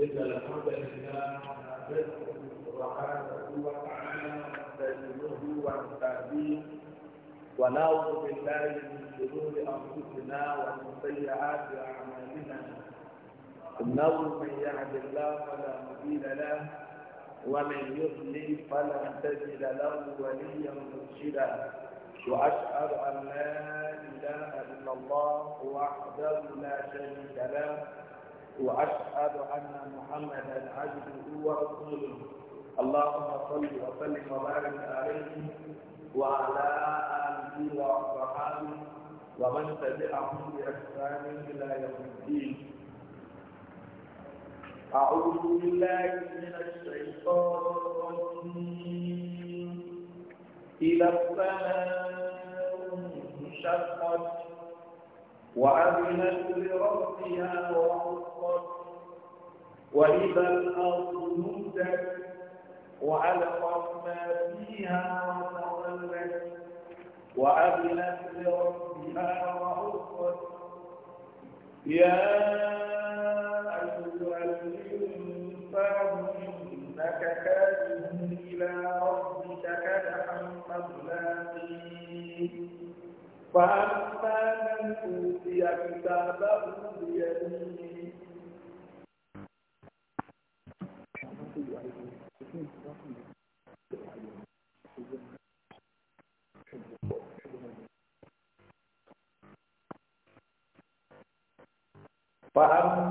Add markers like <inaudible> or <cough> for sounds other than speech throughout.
إن الحمد لله نحمده سبحانه وتعالى ونستعينه ونعوذ بالله من شرور أنفسنا ومن سيئات أعمالنا إنه من يهد الله فلا مضل له ومن يضلل فلا تجد له وليا مرشدا وأشهد أن لا إله إلا الله وحده لا شريك له وأشهد أن محمدا عبده ورسوله اللهم صل وسلم وبارك عليه وعلى آله وصحبه ومن تبعهم بإحسان إلى يوم الدين أعوذ بالله من الشيطان الرجيم الى السماء انشقت وأذنت لربها وحقت وإذا الأرض مدت وألقت ما فيها وتولت وأذنت لربها وحقت يا أيها الإنسان إنك كاذب إلى ربك كدحا قبل فأنت أوتي كتابه بيمينه فأما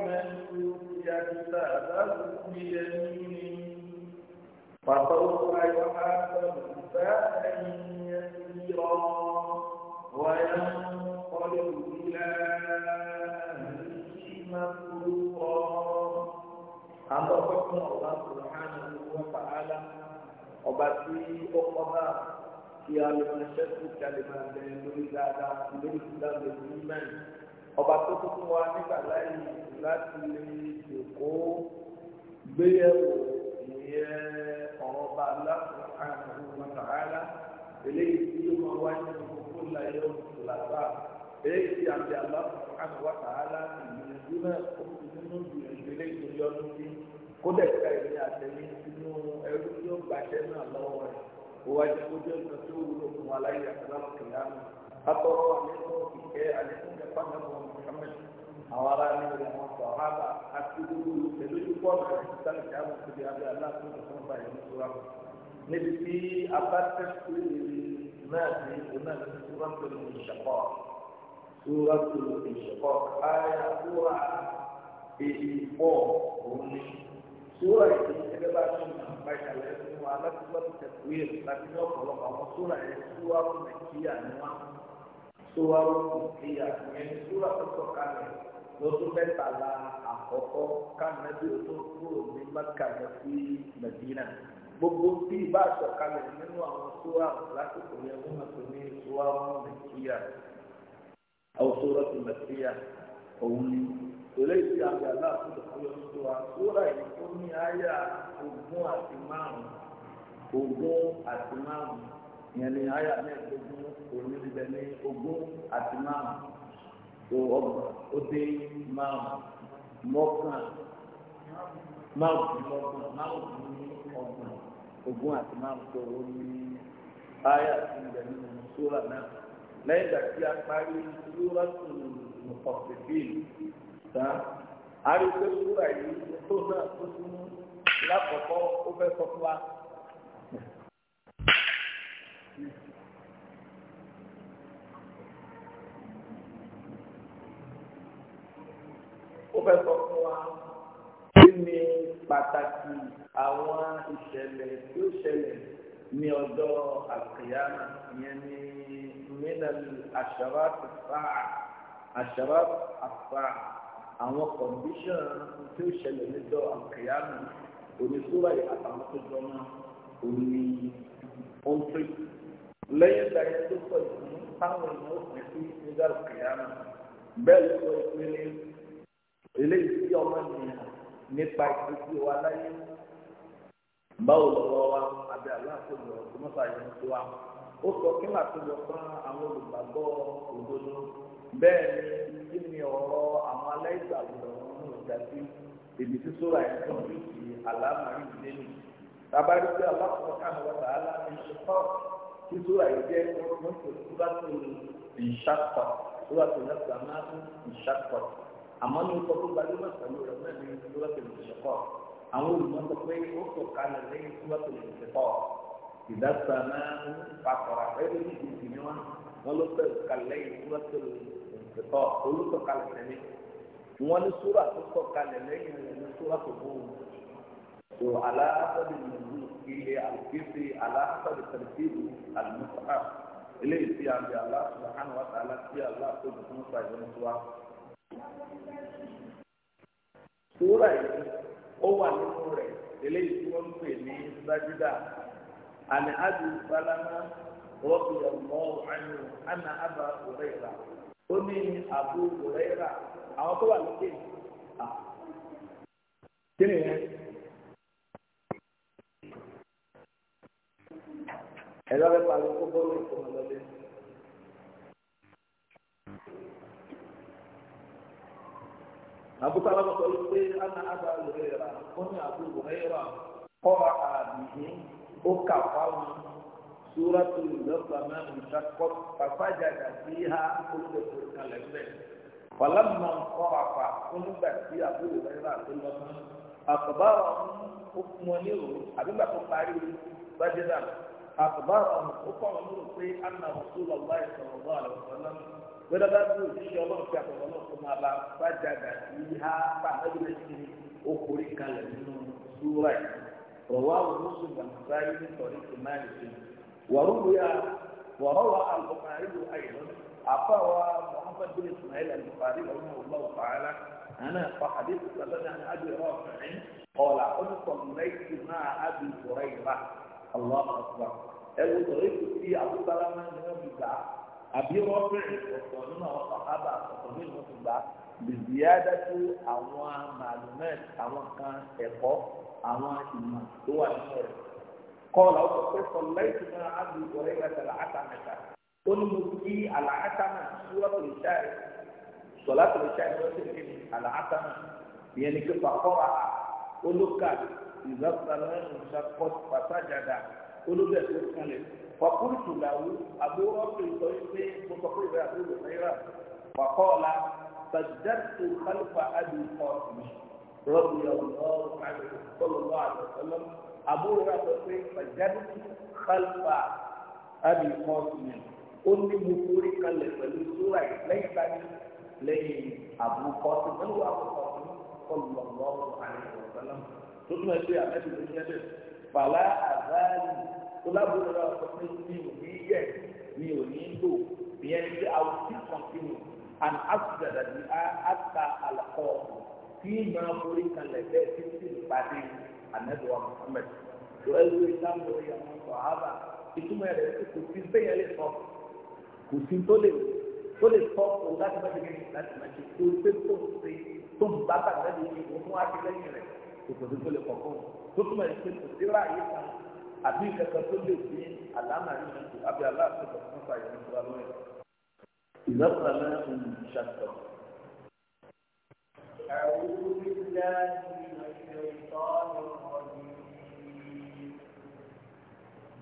من أوتي كتابه بيمينه فسوف يحاسب حسابا يسيرا ọgbà tí ó kọ́ náà kí a lè máa ṣẹ́kù kí a lè máa bẹ lórí dáadáa lórí ìdáàbò ní mẹ́rin ọba tó tó fún wa nígbà láì láti lè jòkó gbéyẹ̀wò ìyẹn ọ̀rọ̀ ọba aláàfin àìmọ̀ ọ̀gbọ̀n àárá eléyìí tí ó máa wáyé ní láyé ọ̀gbọ̀n làbá eléyìí tí a lè aláàfin àìmọ̀ ọ̀gbọ̀n àárá ìgbìyànjú náà ó fi nínú ìgbìyànjú eléyìí tó yọ ọdún sí kódà ìka àtẹ̀yìn sínú ẹrú gbàṣẹ́ náà lọ́wọ́ rẹ̀ ó wá jẹ́ kójú ẹ̀sán tó wúlò fún wa láyé àtàlọ́ kìláàmù atọ́rọ́ àlékún ìkẹ́ àlékún ẹ̀fọ́ àgbẹ̀wò Muhammad àwọn ará ní ilẹ̀ wọn sọ ọ̀hábà àti gbogbo olùtẹ̀lé púpọ̀ sáré kí á mọ̀ síbi abẹ́ aláàfin tó fún báyìí ní sùúrà níbi tí abáṣẹ́ náà ní ìlúnà ní sùúrà tó lè ṣàkọ́ sùúrà tó lè ṣàkọ́ ayé sùúrà èyí pọ̀ òun ní sùúrà yìí ẹgbẹ́ bá tún báyìí àlẹ́ fún wa láti gbọ́ ti tẹ̀kú yẹ láti ní ọ̀pọ̀lọpọ̀ àwọn sóra yẹn súwárù nàìjíríà ni wọ́n súwárù nàìjíríà yẹn súra tó sọ̀kalẹ̀ lọ́dún mẹ́tàlá àkọ́kọ́ kánàbí tó kúrò ní mẹ́kà lọ sí mẹ́dínà gbogbo bí ìbá sọ̀kalẹ̀ nínú àwọn súwárù lásìkò yẹn wọ́n mọ̀ pé ní súwárù nàìjíríà àwọn sóra tó nàìjíríà òun ni eléyìí àgbàlá àti ìdókòwò tó wà sóra yìí tó ní àyà ogún àti márùn-ún ogún àti márùn ìyẹn ni àyà mẹ́ẹ̀ẹ́dógún onílẹ̀ ní ogún àti márùn tó ọgbọ̀n ó dé márùn mọ́kàn márùn mọ́kàn márùn ní ọgbọ̀n ogún àti márùn tó ó ní àyà tí ń bẹ nínú sóra náà lẹ́yìn ìgbà tí a parí sóra tó mọ̀kànfẹ́fẹ́ tán a rí pé sóra yìí tó náà tó tún lákọ̀ọ́kọ́ ó fẹ́ sọ fún wa ó fẹ́ sọ fún wa kí ni pàtàkì àwọn ìṣẹ̀lẹ̀ tí ó ṣẹlẹ̀ ní ọjọ́ àkìyámà ìyẹn ní mílíọ̀nù àṣàrà àṣàrà àṣàrà àṣàrà àwọn kọ̀ǹdíṣàn tí ó ṣẹlẹ̀ lọ́jọ́ àkìyámà onísúra àtàwọn tó jọ náà òní ọ̀npẹ̀tì lẹ́yìn ìgbà yẹn tó pọ̀ ìlú táwọn èèyàn ó pè sí ìgbà òkèèyàn bẹ́ẹ̀ ló sọ ìpele eléyìí tí ọmọ ènìyàn nípa ìgbésí wa láyé báwo lọ́wọ́ wa àbí aláàkóso ọ̀túnmọ́ta yẹn tó wa ó sọ kí màá tó lọ fún àwọn olùgbàgbọ́ òdodo bẹ́ẹ̀ ni kí ni ọ̀rọ̀ àwọn aláìgbàgbọ́ ọ̀hún ọ̀dà sí èdè tí sóra tó ń fi àlámà rí nínú tàbá rí pé aláàkóso káàmù wọ́n tà á láti títú àìjẹ mọ́tò tó bá tó ìṣàkọ tó bá tó lọ́sà máa ń ìṣàkọ àmọ́ ní ọkọ̀ tó gbajúmọ̀ pẹ̀lú rẹ̀ mẹ́rin tó bá tó ìṣàkọ àwọn olùmọ̀tò pé ó sọ kalẹ̀ lẹ́yìn tó bá tó ìṣàkọ ìdásà máa ń pàkọ́ra ẹ̀rọ ní ìdìbò ni wọ́n wọ́n ló sọ kalẹ̀ lẹ́yìn tó bá tó ìṣàkọ olùsọ kalẹ̀ tẹ̀lé wọ́n ní sóra tó sọ kalẹ̀ lẹ́yìn rẹ̀ ní sóra tó bó wù ilé àlùfíìsì aláṣàbí tẹ̀lifíìsì àlùmọ́sá eléyìí tí a ń bẹ aláṣọ àánú wa tààlà tí aláṣọ tuntun fa ìwé tó wa. Sùúrà yìí ó wà nínú rẹ̀ eléyìí tí wọ́n ń pè ní Sájídà. Àní Ádì Sálámà rọ́bì ọ̀mọ́ àánú Àná Àbá Òrẹ́ra. Ó ní Àbú Òrẹ́ra àwọn tó wà lókè. Kí ni yẹn? ẹ̀rọ rẹ̀ pàdé kó bọ́ọ̀lù ìfọ̀mọ̀ lọ́dẹ. àbúkọ alábọ̀tọ̀ ló pé ana ada lórí ra ó ní àbúrò rẹ̀ rà kọ́ra àbìyí ó kà fáwọn súrátù lọ́sàmẹ́ ìṣàkọ́ pàṣájà dàbí ha olùdókòwò kalẹ̀ bẹ́ẹ̀. Fàlámà ń kọ́ àpà onígbà tí àbúrò rẹ̀ rà tó lọ́sàn-án. Àkàbà ọ̀hún ó fún wọn ní òru àbígbà tó parí bájẹ́dà أخبارهم وقال نور أن رسول الله صلى الله عليه وسلم ولدته في يوم في الله ثم لا فجد فيها فهل أخرج من سورة رواه مسلم النسائي من طريق مالك وروي وروى البخاري أيضا أفوى محمد بن إسماعيل البخاري رحمه الله تعالى أنا فحديث سألني عن أبي رافع قال قلت صليت مع أبي هريرة الله أكبر ẹwù sọ̀rọ̀ èkó tí abúgbàlámà ni wọ́n fi gbà àbí wọ́n bẹ̀rẹ̀ ọ̀tọ̀ nínú àwọn sàhábà ọ̀tọ̀ nínú wọ́n fi gbà bìbí adájú àwọn màlúmẹ́t àwọn kan ẹ̀kọ́ àwọn ìmọ̀ tó wà nínú rẹ̀ kọ́ọ̀lá ọ̀sọ̀ pé sọ̀lẹ́tì náà ábí ìwọlé ìrẹsẹ̀ làátà mẹ́ta ó ní mo kí àlàátà náà súwọ́tò ìṣáì sọ̀látò ìṣáì ló ti kí ni àlàátà náà ìyẹn ni pé pàkọ́ra olókà ìzọ́sọ̀rọ̀ ẹ̀ olóògbé ẹ̀sìn ló kalẹ̀ wàkúrú tùlàwù àbúrò ọ̀pẹ̀ sọ pé mo sọ pé ìrẹ́ àbúrò náírà wàkọ́ ọ̀la bàjẹ́tù kálífà àbí ọ̀sìn rọ́bì ọ̀lọ́ọ̀rọ̀ àbẹ̀tọ̀lọ́lọ́ àbẹ̀tọ̀lọ́ àbúrò rà sọ pé bàjẹ́tù kálífà àbí ọ̀sìn ó ní mo forí kalẹ̀ pẹ̀lú sóra lẹ́yìn báyìí lẹ́yìn àbúkọ́ tó ń wà àbúkọ́ tó collaborate lọ́wọ́ sọ pé mi ò ní yẹ mi ò ní lò ìyẹn ni pé I will still continue and after that we are after alakọ tí máa forí kalẹ̀ bẹ́ẹ̀ tí tí ń pàdé anabiwa Muhammad tó ẹ wí sáwọn orí àwọn sọ̀hábà ìtumọ̀ ẹ̀rẹ́ tí kò sí bẹ́yẹn lè sọ kò sí tó lè tó lè sọ òun láti má ti gbẹ̀yìn láti má ti tó pé tó ń ṣe tó ń bá bàtà lẹ́yìn ìwọ̀n fún akẹ́lẹ́yìn rẹ̀ kò tó tó lè kọ̀ fún un tó túmọ̀ ẹ̀ pé kò sí ráàyè kan. àbí kankan tó lè fi àlámà yìí lè tó àbí aláàfin kankan fà yìí lè wá lóyè. ìlọ́kùnrin náà ń ṣàtọ̀. أعوذ بالله من الشيطان الرجيم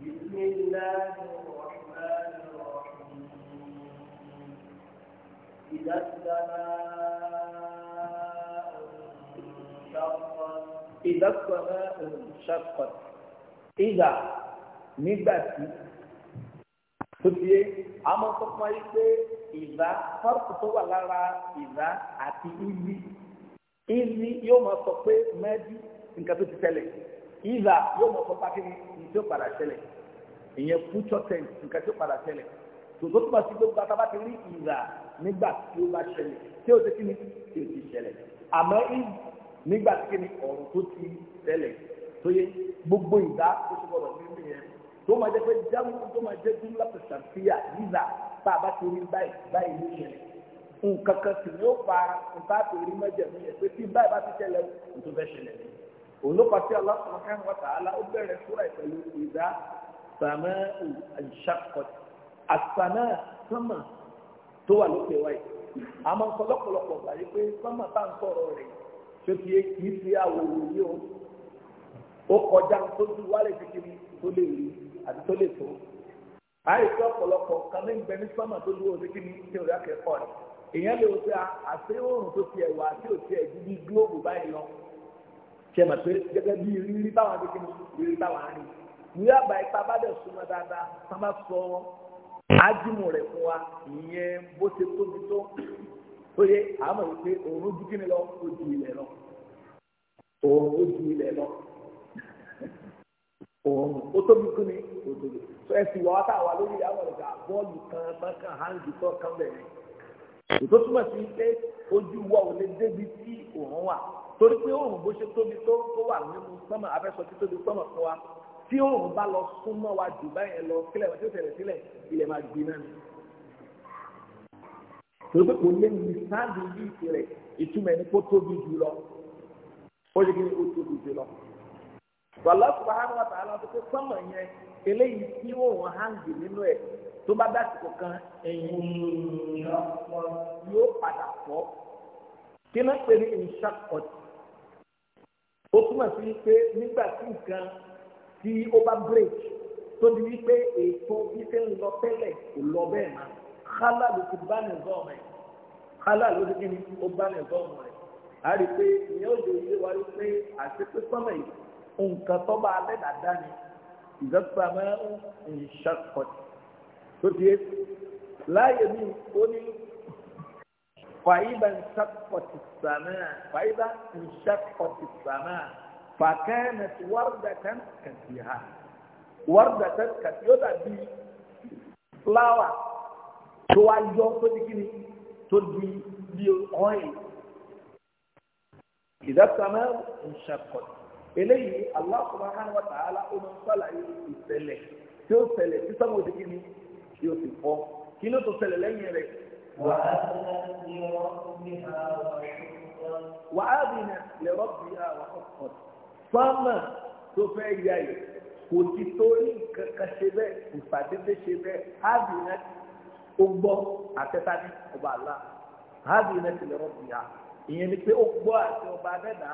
بسم الله الرحمن الرحيم إذا السماء انشقت إذا السماء انشقت ìgbà nígbà tí tó ti yé àmọ́ tó fún ayé pé ìgbà fárúkú tó wà lára ìgbà àti ìlí ìlí yóò máa sọ pé mẹ́ẹ̀dì nǹkan tó ti tẹ̀lẹ̀ ìgbà yóò máa sọ pákínní nǹkan tó padà tẹ̀lẹ̀ ìyẹn future tense nǹkan tó padà tẹ̀lẹ̀ tòótọ́ tó bá ti gbégbá tá ti rí ìgbà nígbà tí ó bá ṣẹlẹ̀ tí ó ti kí ni tí ó ti ṣẹlẹ̀ àmọ́ ìgbà nígbà tí kí ni ọ̀rọ̀ tó ti tẹ̀lẹ̀ tó yẹ gbogbo ìdá tó ṣe gbọdọ̀ ní ìlú yẹn tó máa jẹ́ pé jáwé tó máa jẹ́ dúró láti ṣàfihà yíza tá a bá ti rí báyìí báyìí ló ṣẹlẹ̀ nǹkan kan sì ni ó fa nǹkan àti orí mẹ́jẹ̀ mi yẹn pé tí báyìí bá ti ṣẹlẹ̀ tó fẹ́ ṣẹlẹ̀ ni olùkọ́ tí Allah subhanahu wa ta'ala ó bẹ̀rẹ̀ fúra ìpẹ̀lú ìdá sàmẹ́ ìṣàkọ̀ àsàmẹ́ sọ́mà tó wà lókè wáyé àmọ́ nǹkan lọ́pọ̀lọpọ̀ gbà yí pé sọ́mà tá ó kọjá tó ju wálé kékeré tó lè rí àti tó lè tó àìsí ọ̀pọ̀lọpọ̀ kan ní ìgbẹ́ ní sọ́mà tó ju òsì kí ni tí òrí akẹ́kọ̀ọ́ rẹ̀ èèyàn lè wò pé àṣé òòrùn tó tiẹ̀ wà tí ò tiẹ̀ ju bí gílóòbù báyìí lọ ṣe mà pé gẹ́gẹ́ bí rírí báwọn akékeré rírí báwọn arìn ìwé àgbà ipa bá dẹ̀ súnmọ́ dáadáa tá a bá sọ ájúmù rẹ̀ fún wa ìyẹn bó ṣe tóbi tó ó yẹ àmọ̀ wípé òòrùn ju kí ni lọ ó ju ilẹ̀ lọ òòrùn ó ju ilẹ̀ lọ <laughs> òun ó tóbi kú ni ó tóbi tó ẹ sì wà á tàwa lórí àwọn ọ̀gá bọ́ọ̀lù kan bákan hangi tó kan bẹ̀rẹ̀ ètò túmọ̀ sí pé ojú wa ò lè débi tí òun wà torí pé òun bó ṣe tóbi tó tó wà nínú sọ́mọ̀ abẹ́sọ tí tóbi sọ́mọ̀ fún wa tí òun bá lọ súnmọ́ wa jù báyẹn lọ kílẹ̀ wá tí ó sílẹ̀ ilẹ̀ máa gbiná ni torí pé kò lè ní sáàdì yìí tirẹ̀ ẹni kó tóbi jù lọ ó yẹ kí ni ó tóbi jù lọ. Allah subhanahu wa ta'ala pé sọ́mọ yẹn eléyìí tí ó wọ́n hangi nínú ẹ̀ tó bá dásìkò kan ẹ̀yìn yóò padà fọ́ kí náà pé ní ìṣàkọ̀t ó túmọ̀ sí pé nígbà tí nǹkan tí ó break tó di wípé ètò ife ń lọ tẹ́lẹ̀ kò lọ bẹ́ẹ̀ mọ́ kálá ló ti bá ní zọ́ọ̀mù ẹ̀ kálá ló ti kí ni ó bá ní zọ́ọ̀mù rẹ̀ a pé ìyẹn ò lè yé pé àti pé sọ́mọ yìí nǹkan tó bá alẹ́ dàda ni ìdọ́gba máa ń ṣàkọsí tó ti láàyè mi ó ní fàyíbà ń ṣàkọsí sàmà fàyíbà ń ṣàkọsí sàmà fàkẹ́ẹ̀nà tí wàrúdà kan kàtì ha wàrúdà kan kàtì ó dàbí fúláwà tó wá yọ tó di kíni tó di bí ọ̀hìn ìdọ́gba máa ń ṣàkọsí eléyìí Allah subhanahu wa ta'ala ó máa ń sàlàyé ìṣẹ̀lẹ̀ tí ó ṣẹlẹ̀ tí sọmọ òdìkí ni tí ó sì fọ kí ló tó ṣẹlẹ̀ lẹ́yìn rẹ̀. wà á bìnà lẹ́rọ bí i àwọn ọkọ̀ sọ́mà tó fẹ́ yá yìí kò ti torí kankan ṣe bẹ́ẹ̀ kò ṣe bẹ́ẹ̀ á bìnà ó gbọ́ àtẹ́tà ní ọba àlá á bìnà lẹ́rọ bí i ìyẹn ni pé ó gbọ́ àti ọba adẹ́dà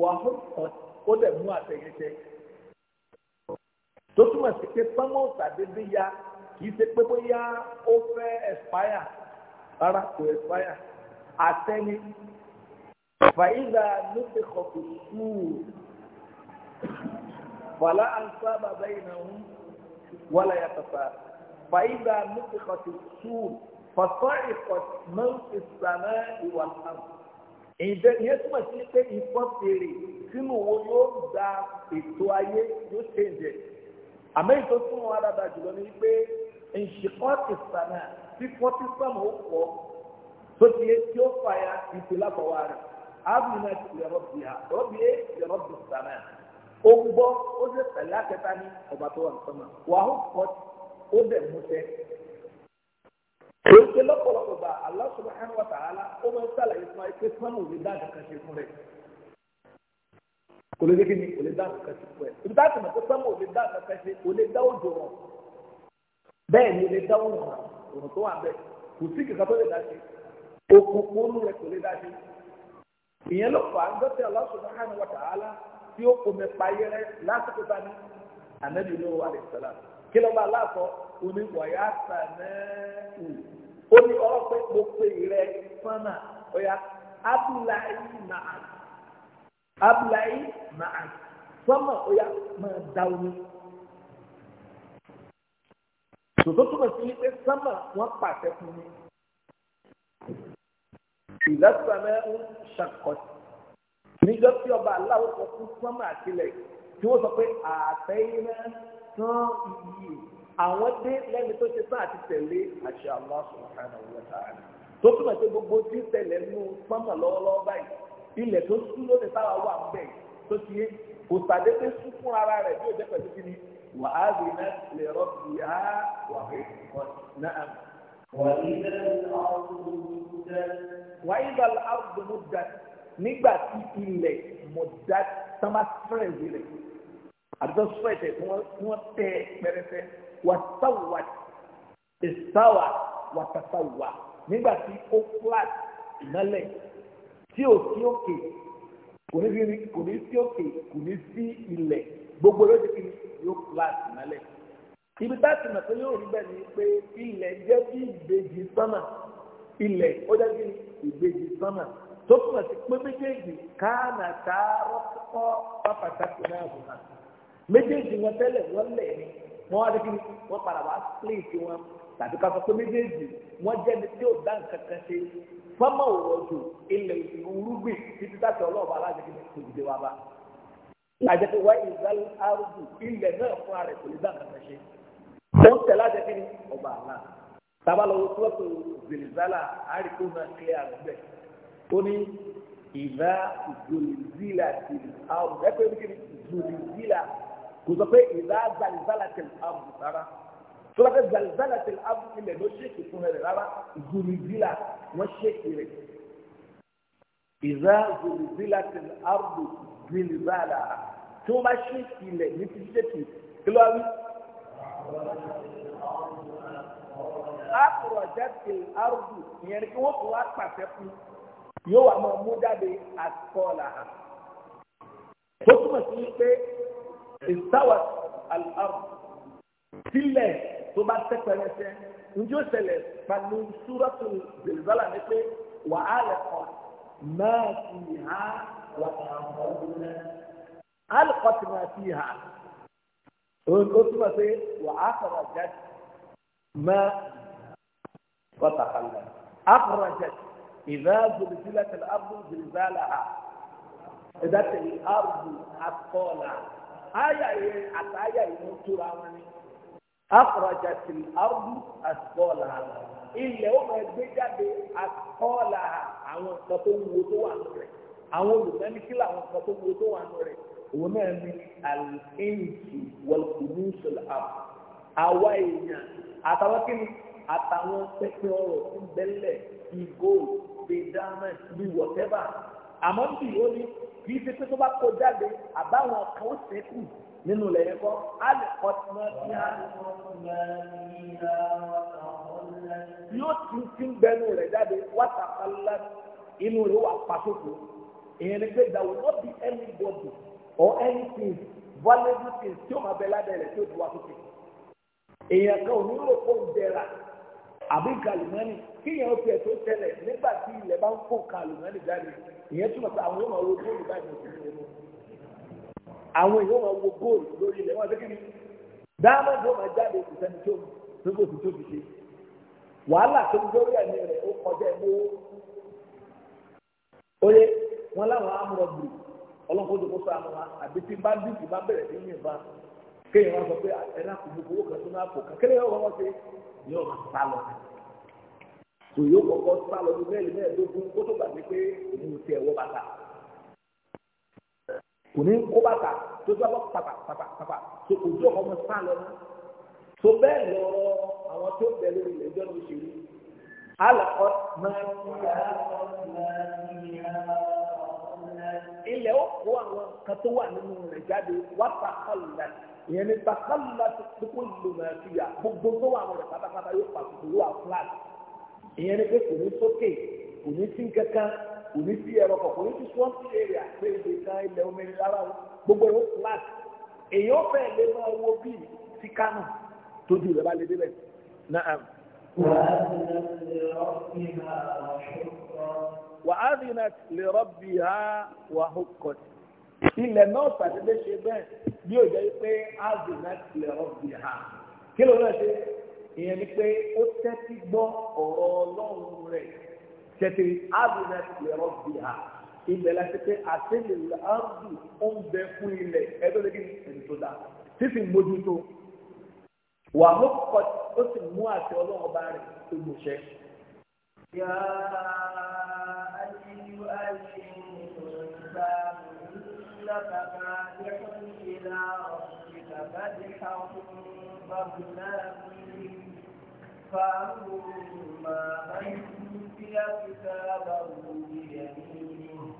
wà á fọ́ ó dẹ̀ mú àtẹ̀yẹsẹ̀ tó túmọ̀ sí pé sánmọ̀ ṣàdédé ya kì í ṣe pé bóyá ó fẹ́ expire rárá kò expire àtẹ́ni fàyílà lóṣè kọ̀ọ̀kì sùúrù fàlà àǹsá bàbá ìnáwó wàlà yàtọ̀fà fàyílà lóṣè kọ̀ọ̀kì sùúrù fàtọ́ ìkọ̀tì mọ́ǹtì sàmẹ́ ìwà sàmù ìjẹ́ ìyẹn túmọ̀ sí pé ìfọ́n fèrè sínú wo yóò gba ètò ayé yóò ṣe ń jẹ àmọ́ ètò tún wọn dáadáa jùlọ ni pé ìṣìkan ti sànà tí wọ́n ti sàmù ó pọ̀ tó ti yé tí ó fàyà ìpìlẹ̀ àbọ̀wá rẹ̀ ábùnà ìyẹ̀rọ̀ bì hà rọ́bì yé ìyẹ̀rọ̀ bì sànà ó ń gbọ́ ó ṣe pẹ̀lú akẹta ní ọ̀bàtọ̀ wà ní sọ́mà wàhùn kọ́ ó dẹ̀ mú tẹ́ èyí lọ́pọ̀lọpọ̀ bá Allah subhanahu wa ta'ala ó máa ń sàlàyé fún ayé pé sọ́nà ò lè dá nǹkan ṣe fún rẹ̀ kò lè dégbé ni kò lè dá nǹkan ṣe fún rẹ̀ ibi tá a ti mọ̀ pé sọ́nà ò lè dá nǹkan ṣe kò lè dá òjò rọ̀ bẹ́ẹ̀ ni lè dá òrùn òrùn tó wà bẹ́ẹ̀ kò sí kìkan tó lè dá ṣe okùn pọ́nú rẹ̀ kò lè dá ṣe ìyẹn ló fà á ń dọ́tí Allah subhanahu wa ta'ala tí ó kò mẹ́pa ayé lásìkò tani ànábì ló wà lè sọ̀rọ̀ kí ló bá láàtọ̀ oníwàyà sàmẹ́ẹ̀kù ó ní ọlọ́pẹ́ gbogbo rẹ̀ fọ́nà ọ̀yà abúláyé màá abúláyé màá fọ́nà ọ̀yà máa da omi. tòótọ́ túmọ̀ sí wípé sọ́mà wọ́n pàṣẹ fún mi. ìlọ́sọ̀mẹ́ ń ṣàkọsí. níjọ́ tí ọba aláwọ̀ sọ fún sọ́mà àtìlẹ̀ tí wọ́n sọ pé àtẹ̀yìnrẹ́ tán iyì àwọn dé lẹ́ni tó ṣe sáà ti tẹ̀lé àṣẹ Allah subhanahu wa ta'ala tó túmọ̀ sí gbogbo tí tẹ̀lé nù sánmà lọ́wọ́lọ́wọ́ báyìí ilẹ̀ tó sún lónìí táwa wà ń bẹ̀ tó ti yé kò sàdédé sún fún ara rẹ̀ bí òjẹ́ pẹ̀lú kíni wà á rí iná lè rọ́bì á wà pé náà. wà á ìdá àrùn mú dà nígbà tí ilẹ̀ mọ̀ dá tán wílẹ̀ àdúgbò wàtàwà ìsáwà watasawa. nígbà tí ó flat ìmọ́lẹ̀ tí ò sí òkè kò ní sí kò ní sí òkè kò ní sí ilẹ̀ gbogbo ló ti fi yóò flat ìmọ́lẹ̀ ibi tá a ti mọ̀ pé yóò rí bẹ́ẹ̀ ni pé ilẹ̀ jẹ́ bí ìbejì sánà ilẹ̀ ó jẹ́ bí ìbejì sánà tó túmọ̀ sí pé méjèèjì káànà káàrọ̀ kọ́ pápátákì náà bùnà méjèèjì wọn tẹ́lẹ̀ wọ́n lẹ̀ ni wọ́n wá dékìní wọ́n padà wá pléètì wọn tàbí ká sọ pé méjèèjì wọ́n jẹ́ ní tí ò dá nǹkan kan ṣe fọ́mọ̀ òrọ̀jù ilẹ̀ ìrúgbìn títí táṣà ọlọ́ọ̀bá aláàdékìní kò dìde wá bá. lájẹ́ pé wáyé ìgbàlú arúgbù ilẹ̀ náà fún ààrẹ kò ní dá nǹkan kan ṣe. wọ́n tẹ̀ lájẹ́kìní ọba àlá tabalọ́wọ́ tó tó zèlizálà àríkó náà kílẹ̀ àrùbẹ̀ ó ní ìbá zòlìzílà zòlìzílà kò sọ pé ìlà zalizalatil abu rárá tó lọ́pẹ́ zalizalatil abu ilẹ̀ ló ṣèkì fún rẹ̀ rárá zulubila wọ́n ṣèkì rẹ̀ ìlà zulubilatil abu zilizala tí wọ́n bá ṣèkì ilẹ̀ ní ti ṣèkì kí ló wí. akọrọjàtì arúgbó ìyẹn ni kí wọ́n kó wá pàṣẹ fún yóò wà máa mú jáde àtọ́là. ó túmọ̀ sí pé استوت الارض في الله ثم با تكنيس نجو سلس فنو سورة الزلزال نكوي وعالقا ما فيها وعالقنا علقت ما فيها ونقص ما فيه وأخرجت ما وتخلى أخرجت إذا زلزلت الأرض زلزالها إذا الأرض أثقالها àyà yẹn àtàyà yìí ló tóra wọn ni akọrọjàtì arúgbó àtìkọ́ọ̀là ilẹ̀ ó máa gbé jáde àtìkọ́ọ̀là àwọn nǹkan tó ń wo tó wà nù rẹ̀ àwọn olùdánikílà àwọn nǹkan tó ń wo tó wà nù rẹ̀ òun náà ní àlùkíńtì wọlùkùnúṣọlá àwa èèyàn àtàwọn kíni àtàwọn pẹpẹ ọrọ̀ ń bẹ́lẹ̀ bí gold bí diamond bí whatever àmọ́ bí ó ní kì í ṣe pé tó bá kó jáde àbáwọn kan ó ṣẹ́kù nínú ilẹ̀ yẹn kọ́ á lè kọ́ tí wọ́n ti á. yóò ti ti ń gbẹnu rẹ̀ jáde wátàkàlá inú rẹ̀ wà pàṣẹkù èèyàn ni pé there not be anybody or anything valuable things tí ó máa bẹ ládàá rẹ̀ tí ó ti wá sókè. èèyàn kan ò ní lò fún ìjẹra àbí kàlùmọ́nì kíyàn ó fi ẹ̀tọ́ tẹ́lẹ̀ nígbà tí ilẹ̀ bá ń fò kàlùmọ́nì jáde. ìyẹn túmọ̀ sí àwọn yóò máa wo góòlù báyìí lọ sí ìlú àwọn yóò máa wo góòlù lórí ilẹ̀ wọn àtẹ́kẹ́ ni dáàmà yóò máa jáde tó tó fi ṣe wàhálà tó ń dórí ẹ̀mí rẹ̀ ó kọjá ẹ̀mí owó oye wọn láwọn tó kó sọ àwọn bá bá bẹ̀rẹ̀ sí yín bá kéèyàn wọn sọ pé ẹ̀rọ owó kan kò yóò kọ́kọ́ sá lọ ní mẹ́rin mẹ́ẹ̀ẹ́dógún kó tó gbàgbé pé òun ò tiẹ̀ wọ bàtà kò ní kó bàtà tó gbàgbọ́ pàpà pàpà pàpà tó kò tó ọmọ sá lọ ní. tó bẹ́ẹ̀ lọ àwọn tó bẹ̀ lórí ilẹ̀ ìjọba òṣèlú alakọ máa ń yá ilẹ̀ ó kó àwọn kan tó wà nínú rẹ̀ jáde wá sàkàlùdà ìyẹn ní sàkàlùdà tó kó lò náà fi yà gbogbo tó wà àwọn rẹ̀ pátápátá yóò pàtó wà fúláàtì ìyẹn ni pé kò ní sókè kò ní sí kankan kò ní sí ẹ̀rọ kan kò ní sí swamp area pé ìdè kan ilẹ̀ omi rárá o gbogbo ẹ̀rọ flat èyàn fẹ́ lè máa wo bíi sí kánò tójú rẹ̀ bá lè débẹ̀ náà. وأذنت لربها وحقت ilẹ̀ náà sàdédé ṣe bẹ́ẹ̀ bí ó jẹ́ pé أذنت لربها kí ló náà ṣe ìyẹn ni pé ó tẹ́tí gbọ́ ọ̀rọ̀ ọlọ́run rẹ̀ tẹ̀tẹ̀ àbúrò ẹ̀rọ bì á ilẹ̀ láti pé àtẹ̀lẹ̀ àrùbù ó ń bẹ fún ilẹ̀ ẹgbẹ́ lórí ẹni tó dáa títí mójútó wà ló kọ́ ó sì mú àti ọlọ́run bá rẹ̀ tó gbòṣẹ́. يا أيها الإنسان إنك فاتح إلى ربك Ya فابناهم فأما من أوتي كتابه بيمينه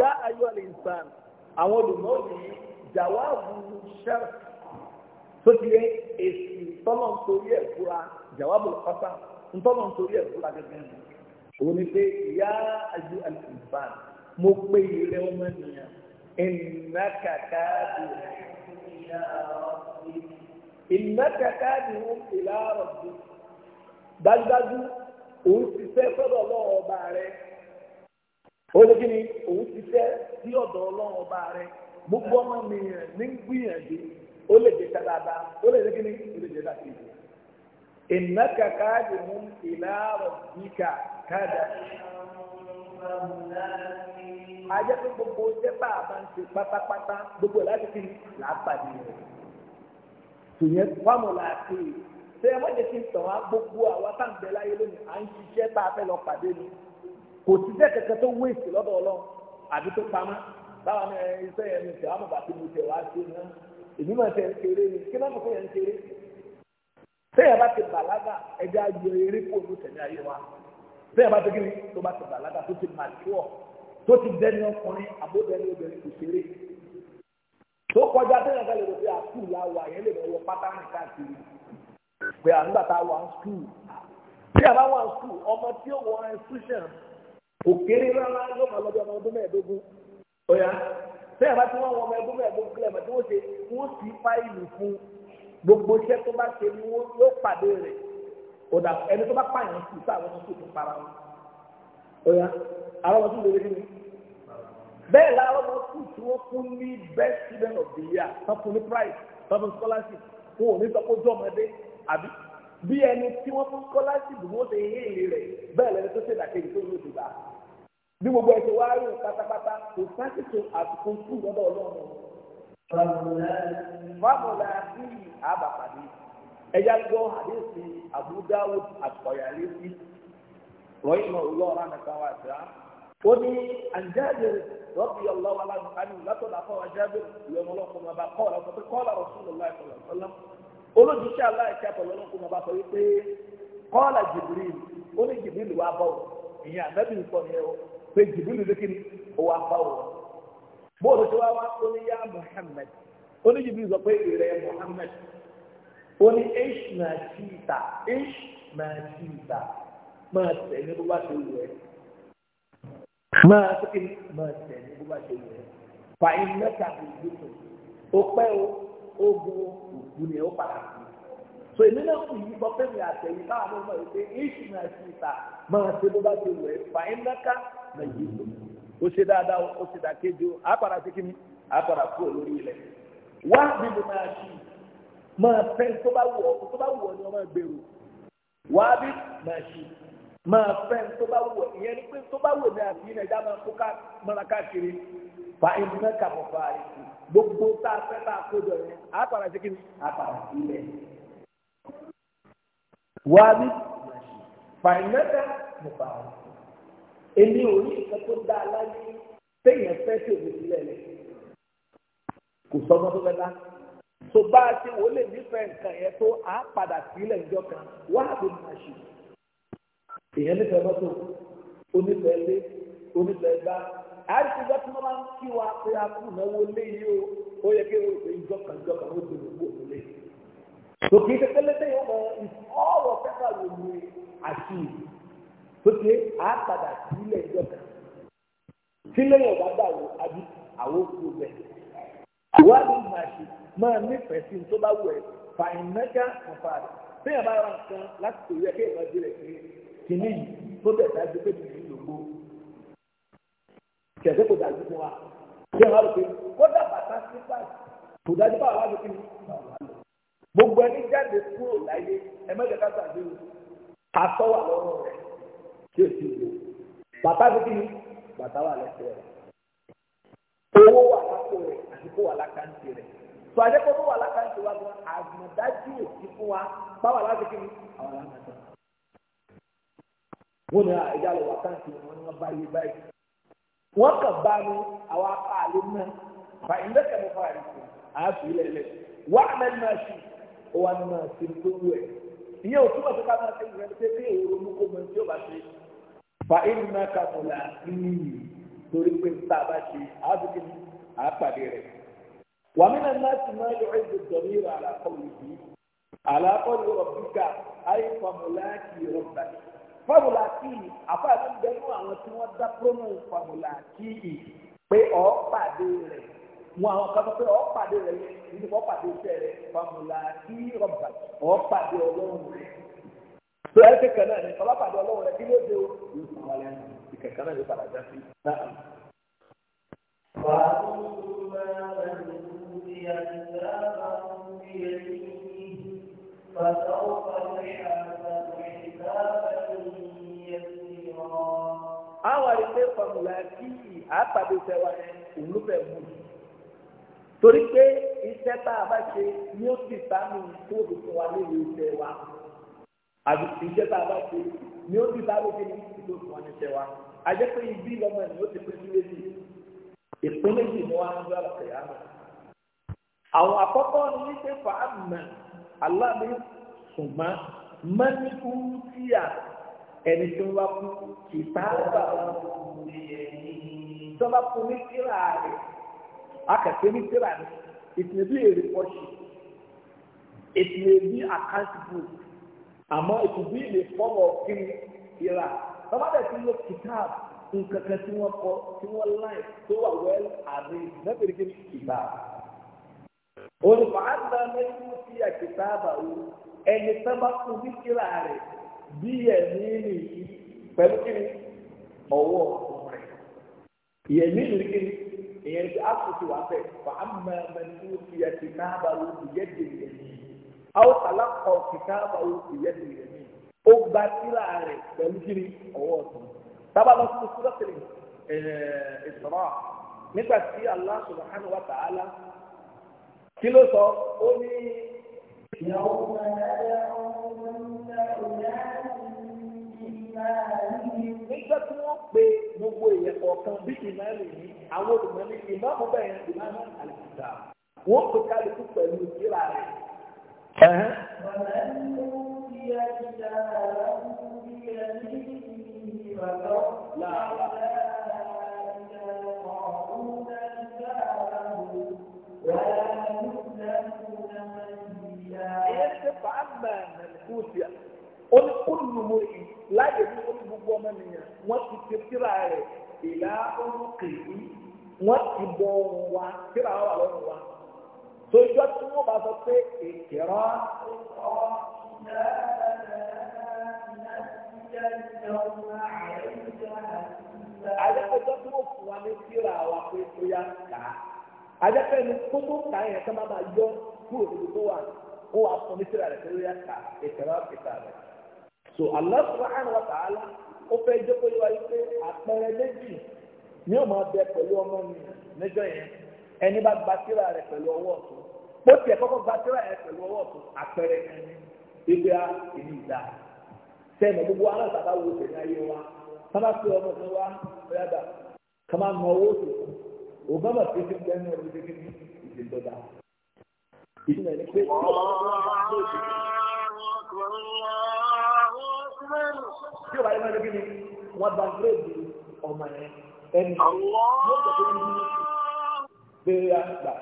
يا أيها الإنسان àwọn olùmọ̀ọ́lù jàwáàbù sẹ́rẹ̀ tó ti yẹ èsì tọ́lọ̀ nítorí ẹ̀ fúra pátá ntọ́lọ̀ nítorí ẹ̀ gẹ́gẹ́ bí òun ni pé ìyá ayé àlùfáà mo pe ìrẹ ọmọ nìyàn ìnákàkà dùn ìnákàkà dùn ìlà ọ̀dù dájúdájú òun ti fẹ́ sọ́dọ̀ ọlọ́run ọba rẹ ó ní kí ni òun ti fẹ́ sí ọ̀dọ̀ ọlọ́run ọba rẹ gbogbo ọmọ nìyàn ní gbìyànjú ó lè jẹ dáadáa ó lè jẹ kí ni ó lè jẹ dáadáa ìnákàkà dùn ìlà ọ̀dù kàdà ajẹ́ pé gbogbo sẹ́pà bá ń ṣe pátápátá gbogbo láti fi làápàdé rẹ̀ tòyẹn fámùlà àti ṣé ẹ mọ̀jẹ̀ kí n tàn wá gbogbo àwa tá à bẹ láyé lónìí à ń ṣiṣẹ́ tá a fẹ́ lọ pàdé ni kò sí sẹ́ kẹ̀kẹ́ tó wéèsì lọ́dọ̀ ọlọ́run àbí tó pamọ́ báwa ni iṣẹ́ yẹn mi tẹ̀ wá mọ̀ bàtí mo tẹ̀ wá ṣe náà èmi máa tẹ̀ ń ṣeré ni kí lọ́mọ̀ fún yẹn ń ṣeré bá ti bàlágà ẹ̀dá ayọ̀ eré kò ní ayé wa bẹ́ẹ̀ bá tẹ́kí ni tó bá ti bàlágà tó ti màtúọ̀ tó ti dẹni ọkùnrin àbódẹni obìnrin kò ṣeré tó kọjá tẹ́lẹ̀ ká lè rò pé àkú la wà yẹn lè wọ pátá rìn káàkiri pé à ń gbà tá a wà ń skul bí a bá wà ń skul ọmọ tí ó wọ institution kò kéré rárá yóò máa lọ bí ọmọ ọdún mẹ́ẹ̀ẹ́dógún ọ̀yà bẹ́ẹ̀ bá tí wọ́n wọ ọmọ ọdún mẹ́ẹ̀ẹ́dógún ọ̀dà ẹni tó bá pààyàn sí sáà wọn tó tó para wọn ọ̀yà àwọn ọmọ tó lè rí mi bẹ́ẹ̀ la ọmọ tó tí wọ́n fún ní best student of the year tán ní prize tán fún scholarship fún òní tọkọjú ọmọdé àbí bí ẹni tí wọ́n fún scholarship wọ́n ṣe yé èrè rẹ̀ bẹ́ẹ̀ lẹni tó ṣe dàkejì tó ló dìgbà bí gbogbo ẹ̀ ṣe wá rí pátápátá kò sásìkò àsìkò sùn lọ́dọ̀ ọlọ́run fámùlà sí àbàpàdé ẹ̀yà gbọ́ àdéhùn Abu Dawud àtọ̀yàlẹ́sí rọ́ìmọ̀ olóòrà nàkàwà àṣà ó ní àjáde rọ́bì ọlọ́wà lánàá látọ̀dà fún àjáde ìyọ̀nà ọlọ́kùnrin ọba kọ́ọ̀lá ọ̀sán pé kọ́ọ̀lá Rasulullah sallallahu alaihi wasallam olójúṣe aláìsí àtọ̀lọ́lọ́kùnrin ọba sọ wípé kọ́ọ̀lá Jibril ó ní Jibril wà bọ̀ ìyẹn àbẹ́bí nǹkan ni ẹ pé Jibril lókè ni ó wà bọ̀ o bóòlù tí wàá wá ó ní yá Muhammad ó ní Jibril sọ pé ìrẹ́ Muhammad ó ní h máa ti ìta h máa ti ìta máa tẹ̀lé bó bá ṣe wù ẹ́ máa tókè máa tẹ̀lé bó bá ṣe wù ẹ́ fàyín mẹ́ta kò gbóòtò ó pẹ́ o ó gun òkú ni ó padà sí so èmi náà kù yìí bọ́ pé mi àtẹ̀yí káwọn ọmọ rẹ pé h máa ti ìta máa tẹ bó bá ṣe wù ẹ́ fàyín mẹ́ta máa yí ìlú ó ṣe dáadáa ó ṣe dáa kéde àpàrà sí kí ni àpàrà kúrò lórí ilẹ̀ wá bíbi máa ṣe ìta máa fẹ́ tó bá wù ọ́ tó bá wù ọ́ ni wọ́n máa gbèrò wá bí máa ṣe máa fẹ́ tó bá wù ìyẹn ni pé tó bá wù mí àti ìyẹn ẹ̀dá máa kó ká máa káàkiri fa ìlú náà kà mọ̀ fa àìsí gbogbo tá a fẹ́ tá a kó jọ yẹn á pàrọ̀ sí kíni á pàrọ̀ sí ilẹ̀ wá bí fa ìlú náà kà mọ̀ èmi ò ní nǹkan tó dá a láyé téèyàn fẹ́ sí òbí sílẹ̀ lẹ̀ kò sọ́gbọ́n tó bá a ṣe wò lè nífẹ̀ẹ́ nǹkan yẹn tó a padà sílẹ̀ ìjọ kan wá àbò máa ṣe. èèyàn nífẹ̀ẹ́ mọ́tò onífẹ̀ẹ́ lé onífẹ̀ẹ́ gbá àìsí ìjọ tí wọ́n máa ń kí wa pé a kú náwó lé yìí o ó yẹ kí wọ́n pè ìjọ kan ìjọ kan ó dèrò kó o lé. tòkì kékeré tẹ̀yọ̀ mọ́ ọ̀rọ̀ fẹ́fà wò ni àṣì tókè a padà sílẹ̀ ìjọ kan sílẹ̀ yọ̀ wà ní ìmàṣe máa nífẹ̀ẹ́ sí tó bá wù ẹ́ fàìmẹ́jà kàfà rẹ̀ bí ẹ̀ bá ra nǹkan láti torí ẹ̀ kí ẹ̀ bá di rẹ̀ pé kìíní yìí tó bẹ̀ dájú pé kìíní yìí lògbó kẹ̀kẹ́ kò dájú fún wa bí ẹ̀ bá rò pé kódà bàtà sípà kò dájú bá wà lókè gbogbo ẹni jáde kúrò láyé ẹ mẹ́jọ ká sàdé o àtọ́ wà rẹ̀ tí ò sí ìlú bàtà sí kìíní bàtà wà lẹ́sẹ̀ rẹ̀ owó wà lápò rẹ̀ àti kó wà lákàntì rẹ̀ tó a jẹ́ kó wà lákàntì wa gan àgbọ̀dájú òsì fún wa báwa láti kí ni àwọn aláǹtà wọn ni ẹja lọ wà kántì wọn ni wọn bá yé báyìí wọn kàn bá mi àwọn apá àlè náà fa ìlú kẹmẹ fà yìí fún àáfi ilẹ̀ ilẹ̀ wà á mẹ́rin máa ṣe wà á máa ṣe ní gbogbo ẹ̀ ìyẹn ò túbọ̀ ká máa ṣe ìrẹsẹ̀ bí èrò olùkọ́ mọ̀ tí ó bá ṣe fa ìlú náà kà torí pé tá a bá ṣe àbùkù ní àpàdé rẹ̀. wà mí náà láti máa yọ ẹ̀jẹ̀ dọ̀mí rà àlàkọ́lù yìí àlàkọ́lù ọ̀bíkà ayé fàmùláàkì rọ̀bà fàmùláàkì àfààní bẹnu àwọn tí wọ́n dá promo fàmùláàkì pé ọ̀ pàdé rẹ̀ wọn àwọn kan pé ọ̀ pàdé rẹ̀ yẹn nípa ọ̀ pàdé iṣẹ́ rẹ̀ fàmùláàkì rọ̀bà ọ̀ pàdé ọlọ́run rẹ̀. tó ẹ kẹ̀kẹ́ náà ló padà já sí. Àwọn àrígbé fọmùlà kí àpàdé sẹ́wà òun ló fẹ́ mú yìí torí pé iṣẹ́ tá a bá ṣe ni ó ti bá tó o fún wa nínú iṣẹ́ wa àbí iṣẹ́ tá a bá ṣe ni ó ti bá tó o fún wa nínú iṣẹ́ wa ajẹ́ pé ibi lọ́mọ ẹ̀ ló ti pín sí méjì ìpínlẹ̀ yìí ni wọ́n á ń gbọ́ àlàkà yà mọ̀. àwọn àkọ́kọ́ ni wípé fàámà aláàbí ṣùgbọ́n mẹ́nìkú tíyà ẹni tí wọ́n bá kú kì í sáábà tí wọ́n bá kú ní tíra rẹ̀ akẹ́kẹ́ ní tíra rẹ̀ ìtìlẹ́bí èrè pọ̀ṣì ìtìlẹ́bí àkáǹtì bùk àmọ́ ìtìlẹ́bí lè fọ́mọ̀ kí ni tíra rẹ̀ bàbá bẹ̀ ti lo kitab nǹkan kan tí wọ́n kọ tí wọ́n láì tó wà well arranged lẹ́bẹ̀rẹ̀ kí kìtà. olùkọ́ àgbà mẹ́rin sí àkìtà àbàwò ẹni sábà fún bíkìlà rẹ̀ bí ẹ̀mí nìyí pẹ̀lú kí ni ọwọ́ ọkùnrin. ìyẹ̀mí nìyí kí ni ìyẹn ti àkùtù wà bẹ́ẹ̀ fà á mọ mẹ́rin sí àkìtà àbàwò ìyẹ́dìrì ẹ̀mí. àwọn àlàkọ̀ kìtà àbàwò ìyẹ́dìrì ó gba síra rẹ̀ pẹ̀lú kiri ọwọ́ ọ̀tún sábà lọ sí sọ́tìrì ìsọ̀rọ̀ nígbà tí Allah subhanahu wa ta'ala kí ló sọ ó ní. ìyàwó máa ń yá ọmọ nígbà ìyá nígbà tí wọ́n pe gbogbo èèyàn kọ̀ọ̀kan bí ìmáàlì yìí àwọn olùmọ̀ ní ìmáàmù bẹ́ẹ̀ ìmáàmù àlùkùtà wọ́n pe kálukú pẹ̀lú ìdíra rẹ̀. tó ìjọ tí wọ́n bá sọ pé ìkẹrọ Ajakẹ́jọ́ tí wọ́n fún wa ní kíra wa pé ó yá ká. Ajakẹ́ ni kó tó ká yẹn ká má bàa yọ kúrò níbi tó wà. Ó wàá fún ní kíra rẹ̀ pé ó ká ìkẹ́rọ̀ kíkà rẹ̀. So Allah subhanahu wa ta'ala ó fẹ́ jókòó yọ wáyé pé àpẹẹrẹ méjì ni ó máa bẹ pẹ̀lú ọmọ mi níjọ́ yẹn. Ẹni bá gba kíra rẹ̀ pẹ̀lú ọwọ́ ọ̀tún. Bó tiẹ̀ kọ́kọ́ gba kíra rẹ̀ pẹ̀lú ọwọ́ ọ̀tún àpẹẹrẹ kan ní ebi a èmi ìdá sẹ́yìn náà gbogbo aláǹtà bá wo sẹ́yìn ayé wa sábà pé ọmọ fún wa ọ̀yàdà ká máa mọ owó tó o bá bàtí fi gbẹ́ ní ọdún kékeré ní ìdèdọ́dà ìdílé ní pé ọmọ tí o bá yẹ máa débi ni wọ́n bá gbé ìdí ọmọ yẹn ẹni yóò jẹ́ pé ní bẹ́ẹ̀ àgbà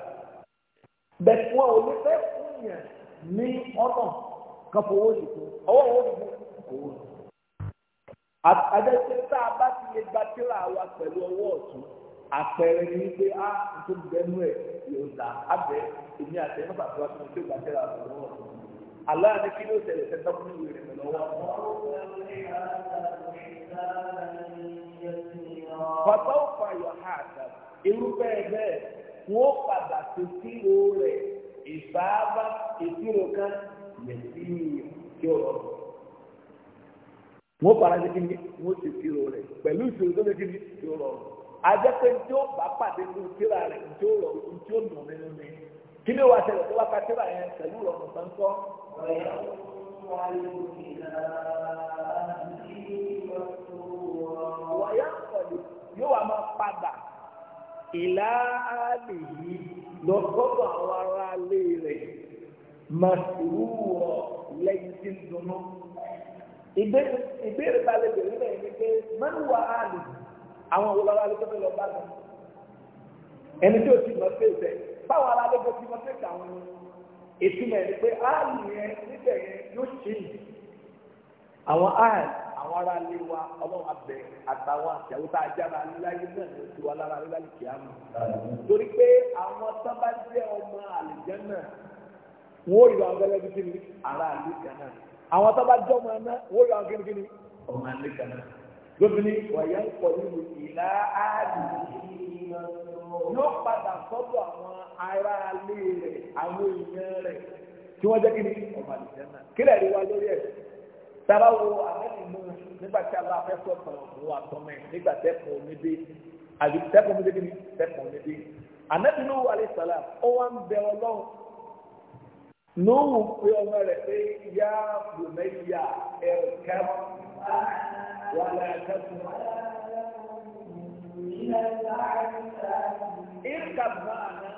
bẹ́ẹ̀ wọ́n ò ní fẹ́ fún yẹn ní ọ̀nà kan fowó yìí fún ọwọ́ wo ni owó ni. àtàjẹsẹ tá a bá ti lè gba tíra wa pẹ̀lú ọwọ́ ọ̀tún àpẹẹrẹ ni wípé a tó bẹnu ẹ yóò dà abẹ èmi àti ẹni bàbá wa tó gba tíra wa pẹ̀lú ọwọ́ ọ̀tún. aláà ní kí ló tẹ̀lé tẹ́ tọ́kùn ní ìwé pẹ̀lú ọwọ́ Bàbá ò fa yọ̀ ha àgbà, irúfẹ́ bẹ́ẹ̀, wọ́n padà tó sí ìwò rẹ̀, ìfàábà, ìṣirò kan, yẹ̀sí tí ó rọrùn. wọ́n fara ṣe kí ni wọ́n ti fi rò rẹ̀ pẹ̀lú ìṣòro tó lè kí ni tí ó rọrùn. ajẹ́pẹ́ tí ó bá pàdé ní tíra rẹ̀ tí ó rọrùn tí ó nù nínú ni. kí ni ṣẹlẹ̀ tó wá ka tíra yẹn pẹ̀lú rọrùn tó ń pẹ̀lú yóò wá máa padà ìlà yìí lọ sọ́dọ̀ àwọn ará ilé rẹ̀ màsùrùwọ̀ lẹ́yìn tí ń dunnú. ìbéèrè ta lè bèrè náà ni pé mẹ́nu wà á lè àwọn òwúlọ́wọ́ alẹ́kọ̀ọ́ lọ bá lọ. ẹni tí o ti mọ̀ sí ìfẹ́ báwo ara lẹ́gbẹ̀ẹ́ ti mọ̀ sí ìfẹ́ àwọn ìtumọ̀ ẹni pé áàlù yẹn níbẹ̀ yẹn yóò ṣe yìí. àwọn áàlù àwọn ará ilé wa ọlọ́run abẹ àtàwọn àtẹ̀wò tá a jára láyé náà ló ti wá lára láyé kìámù. torí pé àwọn sábà jẹ́ ọmọ àlùjẹ́ náà wọ́n yọ àwọn bí kí ni ara àlè gánà àwọn tó bá jọ́ máa ná wọ́n yọ àwọn gẹ́gẹ́ kí ni ọmọ àlè gánà lóbìnrin ni wàyà ń pọ̀ nínú ìlà áàdì yóò padà sọ́dọ̀ àwọn ará alé rẹ̀ àwọn èèyàn rẹ̀ tí wọ́n jẹ́ kí ni ọmọ àlè gánà kí lẹ́ẹ̀rí wa lórí ẹ̀ tara wo àmẹ́rin mú nígbà tí a bá fẹ́ sọ̀tàn òun àtọ́mẹ́ nígbà tẹ́kùn onídé àbí tẹ́kùn onídé kí ni tẹ́kùn onídé àmẹ́rin wá ń bẹ ọlọ́run Nuhu pe ọmọ rẹ̀ pé yá bùnẹ́yà ẹ̀kẹ́ wà láàkẹ́kù. Ìkàbùnà àná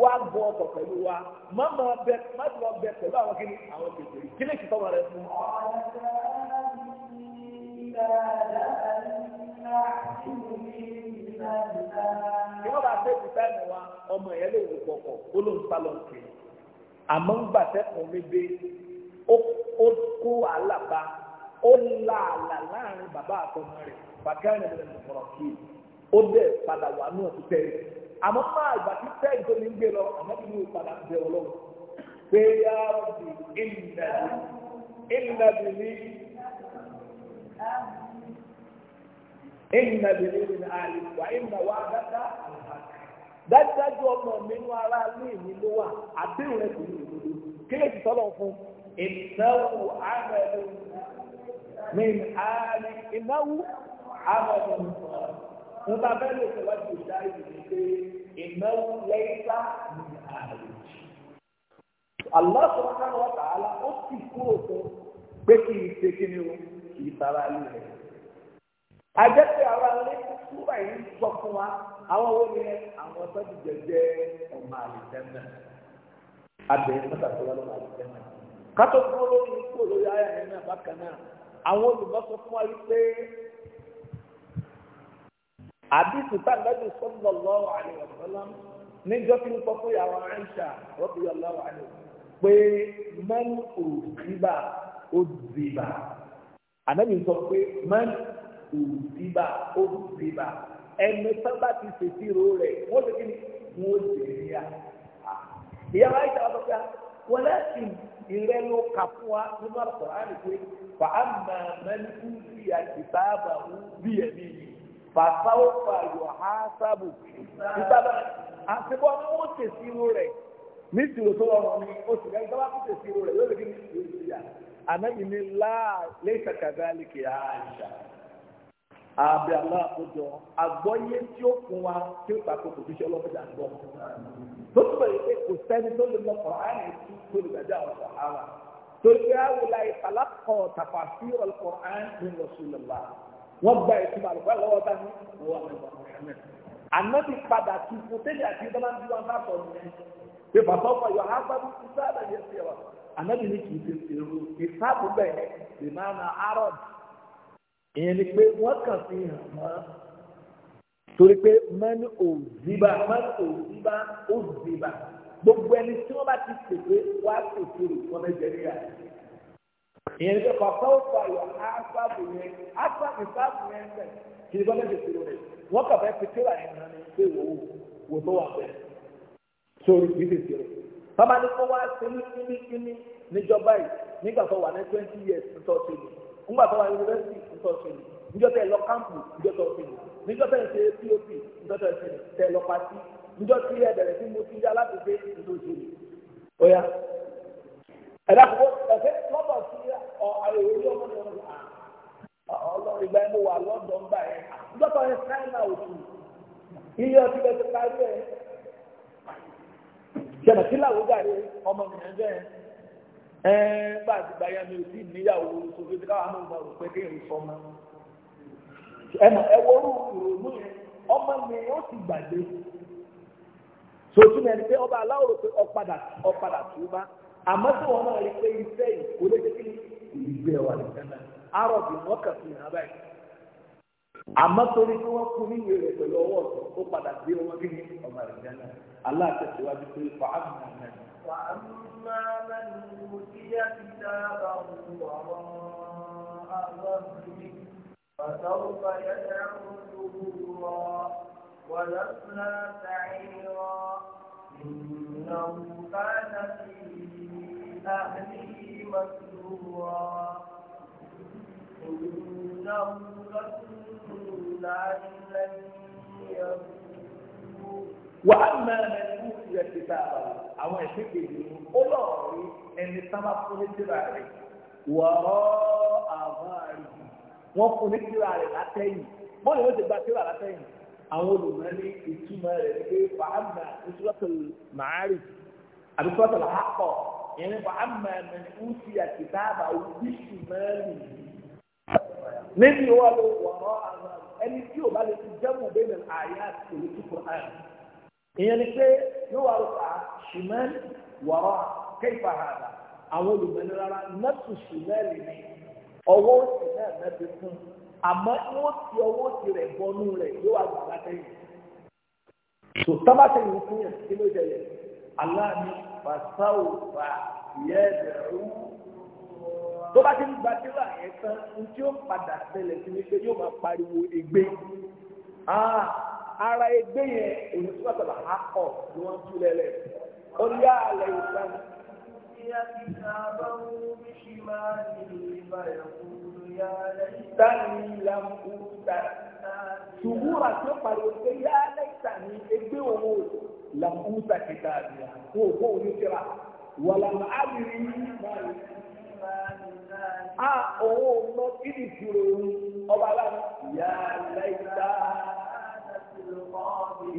wá gbọ́ ọkọ̀ pẹ̀lú wa, má máa bẹ má ti máa bẹ pẹ̀lú àwọn kìíní àwọn kìíní kí lè kìtọ́ rẹ̀ fún. Ìwọ́n bá tẹ́sí táìmù wa, ọmọ ìyẹn lè wò pọ̀pọ̀, ó ló ń sálọ̀ kiri àmọ́ ń gbà tẹ́kùn mi dé ó kó wàhálà bá ó la àlà láàrin bàbá àtọmọ rẹ̀ bàkẹ́rìn rẹ̀ lọ́kọ̀rọ̀ kí ó dẹ̀ padà wà ní ọ̀tún tẹ́lẹ̀ àmọ́ máa ìgbà tí tẹ́lẹ̀ tó ní gbé lọ àmọ́ bí mi ò padà bẹ ọlọ́run pé yá ọ̀dì ìnàbì ìnàbì ní ìnàbì ní ìnàbì ní àlè wà ìnà wà dáadáa dájúdájú ọmọ mi nú ara ní ìní ló wà àdéhùn rẹ kò ní ìlú kéèkì sọlọ fún ìnáwó àmàlù mi àmì ìnáwó àmàlù mo bá bẹ́ẹ̀ lè sọ̀rọ̀ ju ìdárí mi pé ìnáwó lẹ́yìnlá mi àmì. Allah subhanahu wa ta'ala ó sì kúrò fún pé kí n ṣe kí ni o kì í sara ilé rẹ̀ àjẹpẹ àwọn alẹ túbà yìí ń sọ fún wa àwọn owó ni àwọn sọdí jẹjẹ ọmọ àlùfẹmẹ abẹ mọtàkùn wọn ọmọ àlùfẹmẹ kátó fún olórí kúrò lórí ayé ẹni náà bákan náà àwọn olùmọ̀sọ fún wa wípé àdìsí tàǹdájú sallallahu alaihi wasallam níjọ́ tí ń sọ fún ìyàwó Aisha radiyallahu anha pé mẹ́nu òdìbà òdìbà ànábì sọ pé mẹ́nu òdìbà òdìbà ẹnu sábà ti ṣèṣirò rẹ̀ wọ́n ti kí ni wọ́n jẹ níyà. ìyá wa ìta ọ̀dọ́ ká wọ́n láti ìrẹ́ ló kà fún wa nínú àkùrá rẹ̀ pé fa àmà mẹ́lìkú bí àtìsáàbà ń bí ẹ̀mí yìí fa sáwọ́fà yọ̀ ha sábò ìsábà àtibọ́ ni wọ́n ṣèṣirò rẹ̀ ní ìṣirò tó lọ́rùn ni oṣù rẹ̀ ìjọba kò ṣèṣirò rẹ̀ yóò lè kí ni ìṣirò yà àná ìní láà lè ṣàkàdá lè kì í àṣà àbẹ̀ aláàkójọ àgbọ́yé tí ó fún wa tí ó tako kò fi ṣe ọlọ́mọdé àgbọ̀. tó túbọ̀ yìí pé kò sẹ́ni tó lè lọ kọ̀ọ̀ àyìn tí tó lè gbàdá àwọn sàhárà torí pé àwọn ìlà ìfàlà kọ̀ tàfà sí ọ̀lọ́kọ̀ àyìn ní lọ́sùlọ́lá wọ́n gba ìtumọ̀ àlùkò lọ́wọ́ bá ní lọ́wọ́ àmẹ́bọ̀ Muhammad. ànábì padà tu fún tẹ́lẹ̀ àti ìdáná ìyẹn ni pé wọ́n kàn fi hàn mọ́ torí pé mẹ́ni ò zíbà mẹ́ni ò zíbà ó zíbà gbogbo ẹni tí wọ́n bá ti pèsè wá pèsè rè fún nàìjíríà ìyẹn ni pé kọ̀ọ̀kan ó fa yọ áfáàbù yẹn áfáàbù sáàbù yẹn bẹ̀ kí ni bọ́lá pèsè rẹ̀ wọ́n kàn fẹ́ pèsè rà yẹn nání pé wò ó wò tó wà bẹ́ẹ̀ sórí kì í pèsè rẹ̀ bàbá ní kó wá sí ní kíní kíní níjọba yìí nígbà tó wà ní twenty years tó ṣe nìyí nígbà tó wà yunifásitì níjọ ṣẹlẹ̀ níjọ tẹ lọ kámpù níjọ tẹ ṣẹlẹ̀ níjọ tẹ ṣe pop níjọ tẹ ṣẹlẹ̀ tẹ lọ pati níjọ tí ẹ bẹ̀rẹ̀ sí mo ti yá láti dé níjọ ṣẹlẹ̀ ó yá ẹ̀dá kò ẹ̀fẹ́ lọ́dọ̀ sí àyẹ̀wò yóò mọ̀ ní ọlọ́run ìgbà yẹn mo wà lọ́dọ̀ ń bà yẹn níjọ tó yẹ sáínà òtù iye ọtí bẹ ti parí ẹ jẹ̀nà kí làwọn gàrí ọmọ nìyẹn bẹ́ẹ̀ ẹ̀ẹ́n bá ti gbáyà mi ò sí níyàwó sófin tí káwọn náà mọ̀ pé kéèyàn sọ ọmọ ẹ̀mọ̀ ẹ̀wọ́ ìrònú yẹn ọmọ mi ó ti gbàgbé sòtún ẹni pé ọba aláwòrán pé ọ̀padà ọ̀padà tó bá àmọ́ tí wọ́n náà rí pé iṣẹ́ ìkólẹ́jẹ́ kí ìgbé wà nìkan náà arọ̀ bí wọ́n kà sí ìhàn báyìí àmọ́ torí tí wọ́n kú níwèé rẹ̀ pẹ̀lú ọwọ́ ó padà gbé wọn kí ni وأما من أوتي كتابه وراء ظهره فسوف يدعو ثبورا ويصلى سعيرا إنه كان في أهله مسرورا إنه ظن أن لن يكون wà á mọ ẹni wọ́n ti rẹ̀ títà àwọn ẹ̀sìn kejì ni ó lọ rí ẹni sábà fún ní tírà rẹ̀ wọ́ọ́ àwọn àrùn wọ́n fún ní tírà rẹ̀ látẹ̀yìn bọ́ọ̀lù wọ́n ti gba tírà látẹ̀yìn àwọn olùmọ̀ ní ìtumọ̀ rẹ̀ ní pé wà á mọ ìṣúrọ̀tò màárì àbí ìṣúrọ̀tò làákọ̀ ìyẹn ní wà á mọ ẹni wọ́n ti rẹ̀ títà àbà òbíṣù mẹ́rin níbi ìwọ́lù wọ̀ọ́ àwọn ẹni tí ò bá lè ti jẹ́mù bẹ́ẹ̀ ìyẹn ni pé yóò wá lóka ṣìmẹ́n wọ̀rọ̀ kéèpà hàdà àwọn olùmọ̀ẹ́ni rárá nẹ́tù ṣìmẹ́ẹ̀lì ni ọwọ́ òsì náà nẹ́tù fún àmọ́ wọ́n ti ọwọ́ òsì rẹ̀ bọ́nú rẹ̀ yóò wá gbàgbá tẹ́yìn. tó tábà tẹ̀yìn fún yẹn kí ló jẹ yẹn aláàmì fàṣàwò fà yẹ bẹ̀rù. tó bá ti ń gba tíra yẹn tán ní tí ó padà tẹ̀lẹ̀ sí ni pé yóò máa pariwo ègbé. Ah, ara ẹgbẹ́ yẹn èyí tí wọ́n sọ̀rọ̀ akọ ni wọ́n tú lẹ́lẹ̀ ó ní àlẹ́ ìsàn. Sani lamu ta. Sùwúrà tí ó pariwo pé yá lẹ́sà ni ẹgbẹ́ òun lamu ta kìtà bìà kó o kó o ní kíra. Wàlà àbìrí máa ń a òun ò mọ kí ni ìṣirò ọba aláàbò yá lẹ́sà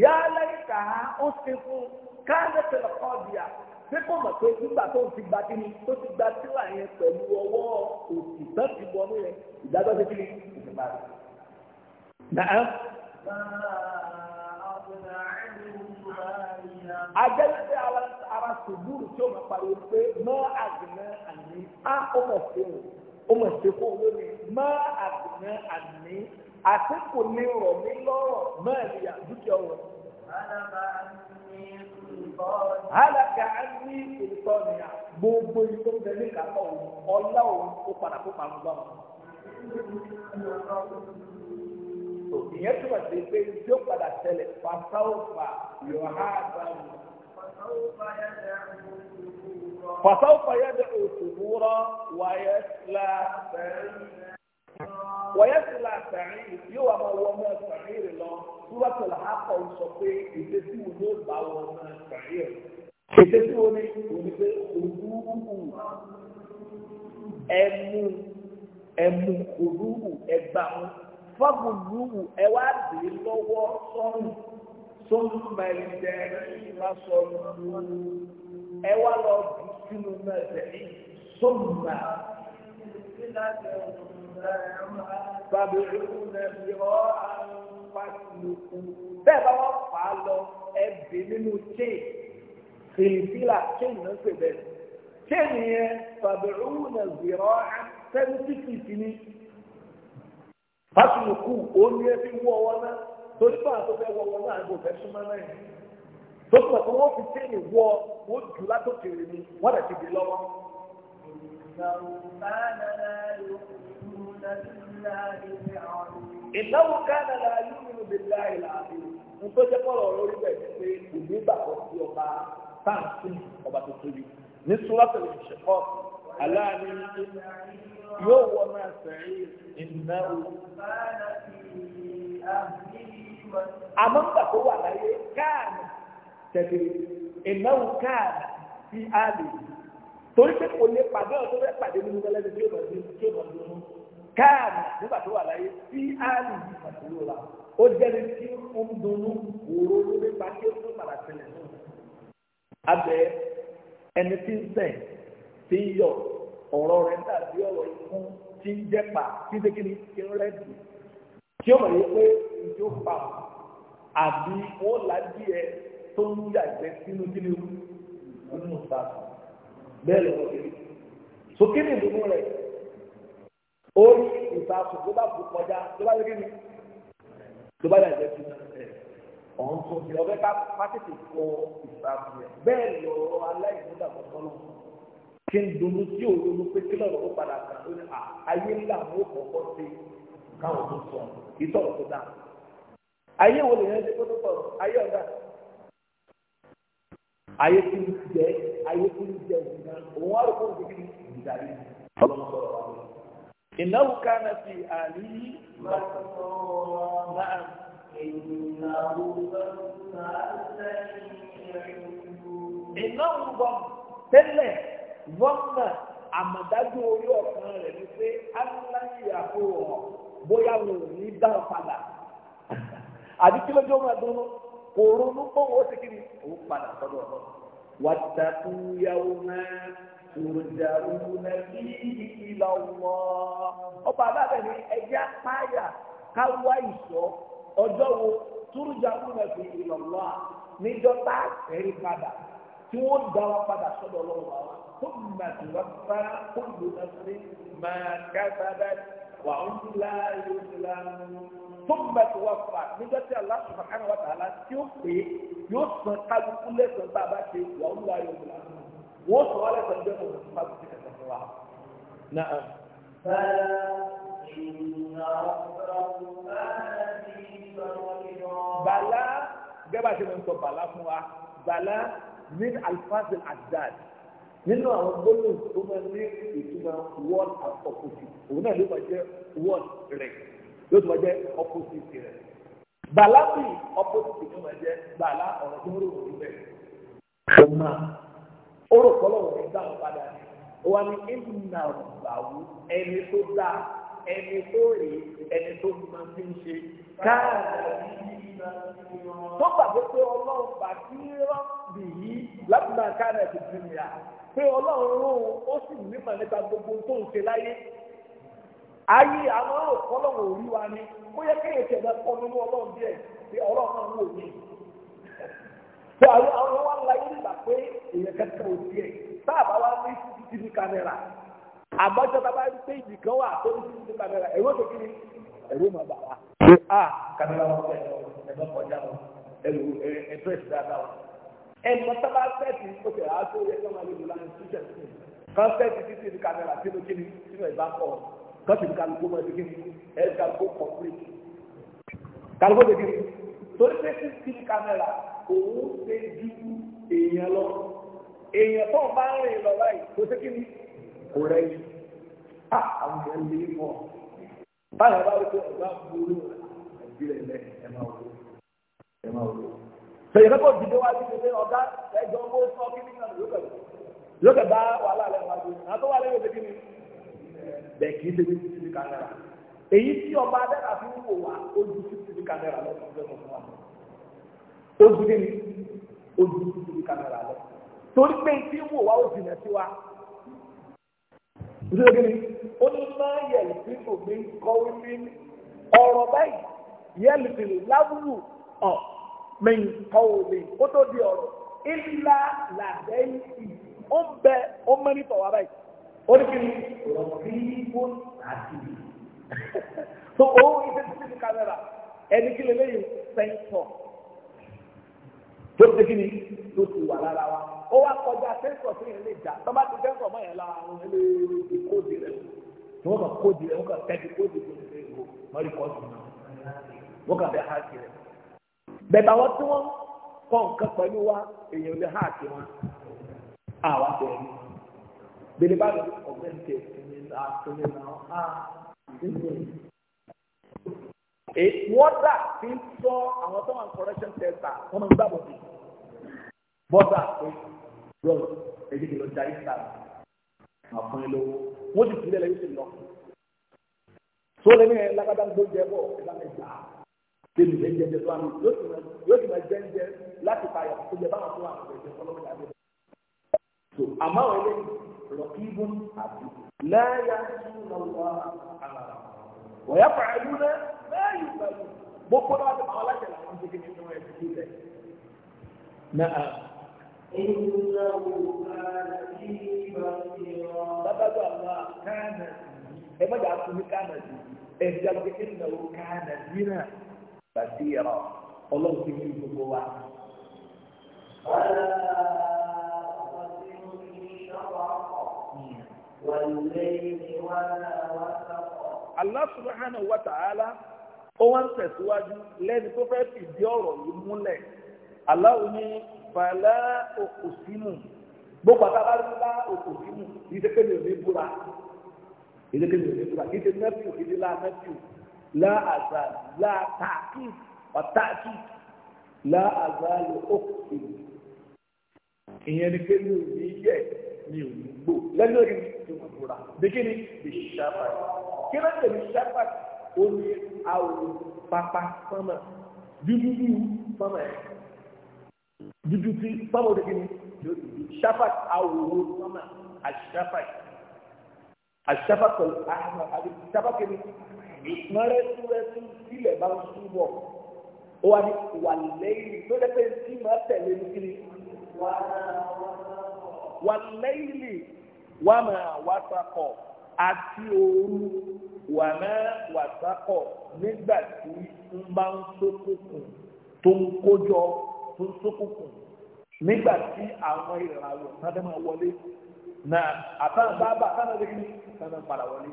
yà á lẹ́yìn kà á ó ṣe fún káàdé tẹlifọ bíà ṣé kò mọ̀ pé nígbà tó ti gba kíni tó ti gba tíra yẹn pẹ̀lú ọwọ́ òsì tó ti wọnú yẹn ìdájọ́ ti kíni ìdìbò rẹ̀. Nàá. Ajẹ́lẹ́sẹ̀ ara sùdúrù tí ó máa pariwo pé mọ́ àgbẹ̀mẹ́ àní á ó mọ̀ sí o, ó mọ̀ sí kó o lónìí, mọ́ àgbẹ̀mẹ́ àní àti kò rọ̀ mí lọ́rọ̀ mẹ́ẹ̀lì àdúgbò wọn. Alaka ní ìtọ́ ni à gbogbo ìtọ́ ń bẹ ní kàtọ́ òun ọlá òun ó padà kó parun bá Ìyẹn túmọ̀ sí pé tí ó padà tẹ̀lé pàtàkùfà yóò há àbámu. Pàtàkùfà yẹ dẹ̀ wáyé wọ́yẹ́sìlá sàárín yóò wà máa wọ ọmọ sàárín rẹ̀ lọ túbọ̀tò làákọ̀ sọ pé ètè tí wọn yóò bá wọ ọmọ sàárín rẹ̀. ètè tí wọn ní òní pé òdúrú ẹmu ẹmu òdúrú ẹgbà wọn fọ́bùdúrú ẹwà dé lọ́wọ́ sọ́run sọ́run mẹ́rìndẹ́ ìlàsọ̀rọ̀ ẹwà lọ sínú mẹ́rìndẹ́ sọ́run mẹ́rìndẹ́ bẹ́ẹ̀ bá wọ́n fà á lọ ẹbí nínú chain fìlìfìlà chain náà pè bẹ́ẹ̀ chain yẹn fàbẹ̀rún náà zìrọ̀ á seventy feet ní fásitì ó ní ẹbí wọ́ ọwọ́ náà torí bá àtọ́ fẹ́ wọ ọwọ́ náà àgbo fẹ́ súnmọ́ náà yìí tó pọ̀ tó wọ́n fi chain wọ wọ́n jù látòkèrè ni wọ́n dẹ̀ ti di lọ́wọ́ ìnáwó kánà la yóò nínú bèlá ìlànà nítorí jẹ́ kọ́rọ̀ lórí bẹ́ẹ̀ ni pé kò ní gbàgbọ́ sí ọba táǹkì ọba tó tóbi ní sùrọ̀tẹ̀lẹ̀ ìṣẹ̀kọ́ aláàánú yóò wọ náà sẹ́yìn ìnáwó. àmọ́ nígbà tó wà láyé káàmì tẹ̀lé ìnáwó káàmì sí àlè torí pé kò lè pàdé ọ̀tọ́ fẹ́ pàdé nínú ẹlẹ́dẹ̀ẹ́ tí ó bá dé tí ó káàdì nígbà tó wà láyé sí áàlì yìí pàtàkì la ó jẹ́ni tí ó ń dunnú wòró lórí pàṣẹ fún màràtìlẹ̀ náà. abẹ ẹni tí ń sẹ̀ tí ń yọ ọ̀rọ̀ rẹ̀ dàbí ọ̀rọ̀ ikú tí ń jẹ́pà tí dékìní tí ń rẹ́dì tí ó mọ̀ yìí pé ìjó pa àbí ó lájú ẹ tó ń yàgbẹ́ sínú kí ó ń mú sáà bẹ́ẹ̀ lọ́wọ́ kiri. sókè ní ìdùnnú rẹ̀ ó ní ìfàsùn tó bá fò kọjá tó bá lókè ní tó bá dàgbẹ́ sí ọ̀hún tó ti ọ̀bẹ ká pátìtì fọ ìfàsùn rẹ̀ bẹ́ẹ̀ lọ́rọ̀ aláìmúdàgbọ́ sọ́nà kí n dunu tí ò ronú pé kí lọ́rọ̀ ó padà kà ó ní ayé ńlá mú kọ̀ọ̀kọ́ sí káwọn tó sọ ìtọ̀rọ̀ tó dá ayé wo lè yẹn ṣe kó tó tọ̀rọ̀ ayé ọ̀dà ayé tí ń jẹ ayé tí ń jẹ òun òun á rò kó ń dìgbì ìdàrí ọlọ́mọ إنه كان في آله نعم إنه ظن tẹ́lẹ̀ vọ́nà àmọ̀dájú orí ọ̀kan rẹ̀ ni pé aláìyàwó ọ̀ bóyá wò ní dá padà àbí kí lójú ọmọ ẹ̀dùn lọ kò ronú pọ̀ wọ́n ti kiri padà tòròjàrún nàìjíríì ìlà ọmọ ọba alábẹ̀ni ẹ̀jẹ̀ apáyà káwá ìṣọ́ ọjọ́ wo tòròjàrún nàìjíríì ìlà ọmọ níjọ́ tá a fẹ́rí padà tí wọ́n dá wa padà sọ́dọ̀ ọlọ́run wa kó nàìjíríì wà bá kó lóna sí máa kásábẹ́ wà ń la yóò la tó mẹ́tò wà fà níjọ́ tí Allah subhanahu wa ta'ala tí ó pè é yóò sàn kálukú lẹ́sàn tá a bá ṣe wà ń la yóò la wọ́n sọ wọ́n lẹ́sọ̀ ẹgbẹ́ kò tó fáwọn ti kẹsẹ̀ fún wa. Náà. Bẹ́ẹ̀ ìrìnà ọ̀pọ̀lọpọ̀ bẹ́ẹ̀ ni ìgbàlódé náà. Bàlá gẹ́gbà tí mo ń sọ bàlá fún wa, bàlá min alfazil adad nínú àwọn gbólóhùn tó máa ní ìtumọ̀ word and opposite òun náà ló máa jẹ́ word rẹ̀ ló máa jẹ́ opposite rẹ̀ bàlá bíi opposite ló máa jẹ́ bàlá ọ̀rọ̀ tó ń rò wọ́n níbẹ̀. ó rò kọ́ lọ́wọ́ ẹ̀dá ọ̀padà ni wà ní ìnà ẹni tó dá ẹni tó rè ẹni tó máa fi ń ṣe káàkiri tó gbàgbé pé ọlọ́run bá rọ́ọ̀bì yìí lábùnà káàdà ti nìyà pé ọlọ́run gbogbo tó ń ṣe láyé ayé àwọn wa ni ó yẹ kọ́ nínú ọlọ́run díẹ̀ pé àwọn àwọn wa la yìí gbà pé èèyàn kẹta ò tiẹ̀ tá a bá wá ní cctv camera àmọ́jọ́ tá a bá rí pé ibì kan wà tó ní cctv camera ẹ̀rọ tó kiri ẹ̀rọ máa bà wá. ṣé a kámẹ́rà wọn fẹ́ ẹ̀rọ kọjá lọ ẹ̀rọ ẹ̀dírẹ́sì dáadáa wọn. ẹ̀mọ́ tá a bá fẹ́ ti ó ti rà á tó yẹ kí wọ́n lè lò láti ṣíṣẹ́ sí kan fẹ́ ti cctv camera sínú kiri sínú ìbá kọ̀ kan sì ní kálukú mọ́ ẹ̀dí kiri ẹ̀dí kálukú kọ̀ọ̀kiri kálukú òun ṣe ju èèyàn lọ èèyàn tó bá ń rìn lọ báyìí kò sí kí ni kò rẹ́yìn á àwọn èèyàn lè mọ̀ báyìí bá wípé ọ̀gá burú àìbílẹ̀ lẹ ẹ máa wò ẹ máa wò. sèyí kẹ́kọ̀ọ́ dìde wá sí pé ọ̀gá ẹjọ́ owó sọ kí nìkan lókè lókè bá wàhálà lẹ́nu wájú àtọ́ wà lẹ́nu ìdíkí ni bẹ́ẹ̀ kì í ṣe bí títí èyí tí ọba adẹ́rà fi ń wò wá ó ju títí kámẹ́rà lọ́sọ̀ọ́sọ́ fún wa ojú kí ni ojú kí ni kámẹ́rà lọ torí pé tí wò wá ó jìnà sí wa ojú kí ni ó ní máa yẹ̀lì tí kò ní kọ́wé ní ọ̀rọ̀ báyìí yẹ̀lì tí láwùjọ ọ̀ mẹ́yìn kọ́wé ní ó tó di ọ̀rọ̀ ìlà làbẹ́yìn ó ń bẹ ó mẹ́rin tọ̀ wá báyìí ó ní kí ni rọ̀bí ó àti <laughs> so òun ìfẹ́ sí ti kámẹ́rà ẹni kí lè lẹ́yìn sẹ́ńtọ̀ tó ti kí ni tó ti wà lára wa ó wá kọjá sẹ́ńsọ̀ sí yẹn lè jà tó bá ti sẹ́ńsọ̀ mọ́ yẹn lára wọn lè di kóòdì rẹ̀ tí wọ́n kà kóòdì rẹ̀ wọ́n kà tẹ́tí kóòdì tó ti rẹ̀ wò mọ́rí kọ́ọ̀tù náà wọ́n kà bẹ́ háàkì rẹ̀ bẹ̀tà wọ́n tí wọ́n kọ́ nǹkan pẹ̀lú wa èèyàn lè háàkì wọn àwa bẹ̀rẹ̀ ni bẹ̀rẹ̀ bá lọ ọ̀gbẹ́ni tẹ̀ ẹ̀mí wọ́dà ti ń sọ àwọn tó wà ní correction center wọ́n máa ń gbàgbọ́ bí bọ́dà pé bro èyí kìlọ̀ jà ìsà àfún ẹ lówó wọ́n sì sílẹ̀ lẹ́yìn sí lọ. tó lé ní lágbádá tó jẹ bọ̀ ẹ̀dá mẹ́ta tèmi lè jẹ jẹjọ àná yóò sì máa jẹ ń jẹ láti pa tó jẹ báwọn tó wà ní ọ̀jẹ̀ ọlọ́mọdé àbẹ̀. so àmọ́ àwọn eléyìí rọ̀ kí ibùn àbí láyà sùn lọ́wọ́ àlàrà يسألون بكرة هتبقى لك الحمد لله إنه يكفيك نعم إنه كان في بصيرا لقد الله كان إيه ما جعلته كان إيه جعلك إنه كان بنا بصيرا الله سبحانه وتعالى ó wá ń tẹ̀síwájú lẹ́ni tó fẹ́ fìdí ọ̀rọ̀ yìí múlẹ̀ aláwo ní bàálà òkùsímù gbogbo àtàlà ń bá òkùsímù kì í ṣe kéde òní búra kì í ṣe kéde òní búra kì í ṣe mẹ́fìù kì í ṣe láà mẹ́fìù láà àzà láà tààkì ọ̀tàkì láà àzà lò òkùsímù ìyẹn ni pé mi ò ní yẹ mi ò ní gbò lẹ́nu òní tí wọ́n búra bí kí ni bí ṣàpàtì kí ló ń tẹ̀lé ṣàpàtì ó ní papa pápá sánmà dúdú dúdú sánmà ẹ̀ dúdú tí sánmà ó dẹ́gbẹ́ ni ṣáfàt àwòrán sánmà àṣàfàt àṣàfàt pẹ̀lú àhàmà àti ṣáfàt kẹ́mi mọ́rẹ́súrẹ́sú sílẹ̀ bá ń súnmọ́ ó wà ní wà lẹ́yìn tó dẹ́ pé tí màá tẹ̀lé ní kiri wà lẹ́yìn wà máa wá wà náà wàsákọ̀ nígbà tí ń bá ń sókùnkùn tó ń kójọ tó ń sókùnkùn nígbà tí àwọn ìràwọ̀ sáde máa wọlé na àtàn bàbà sáde lè ní sáde padà wọlé.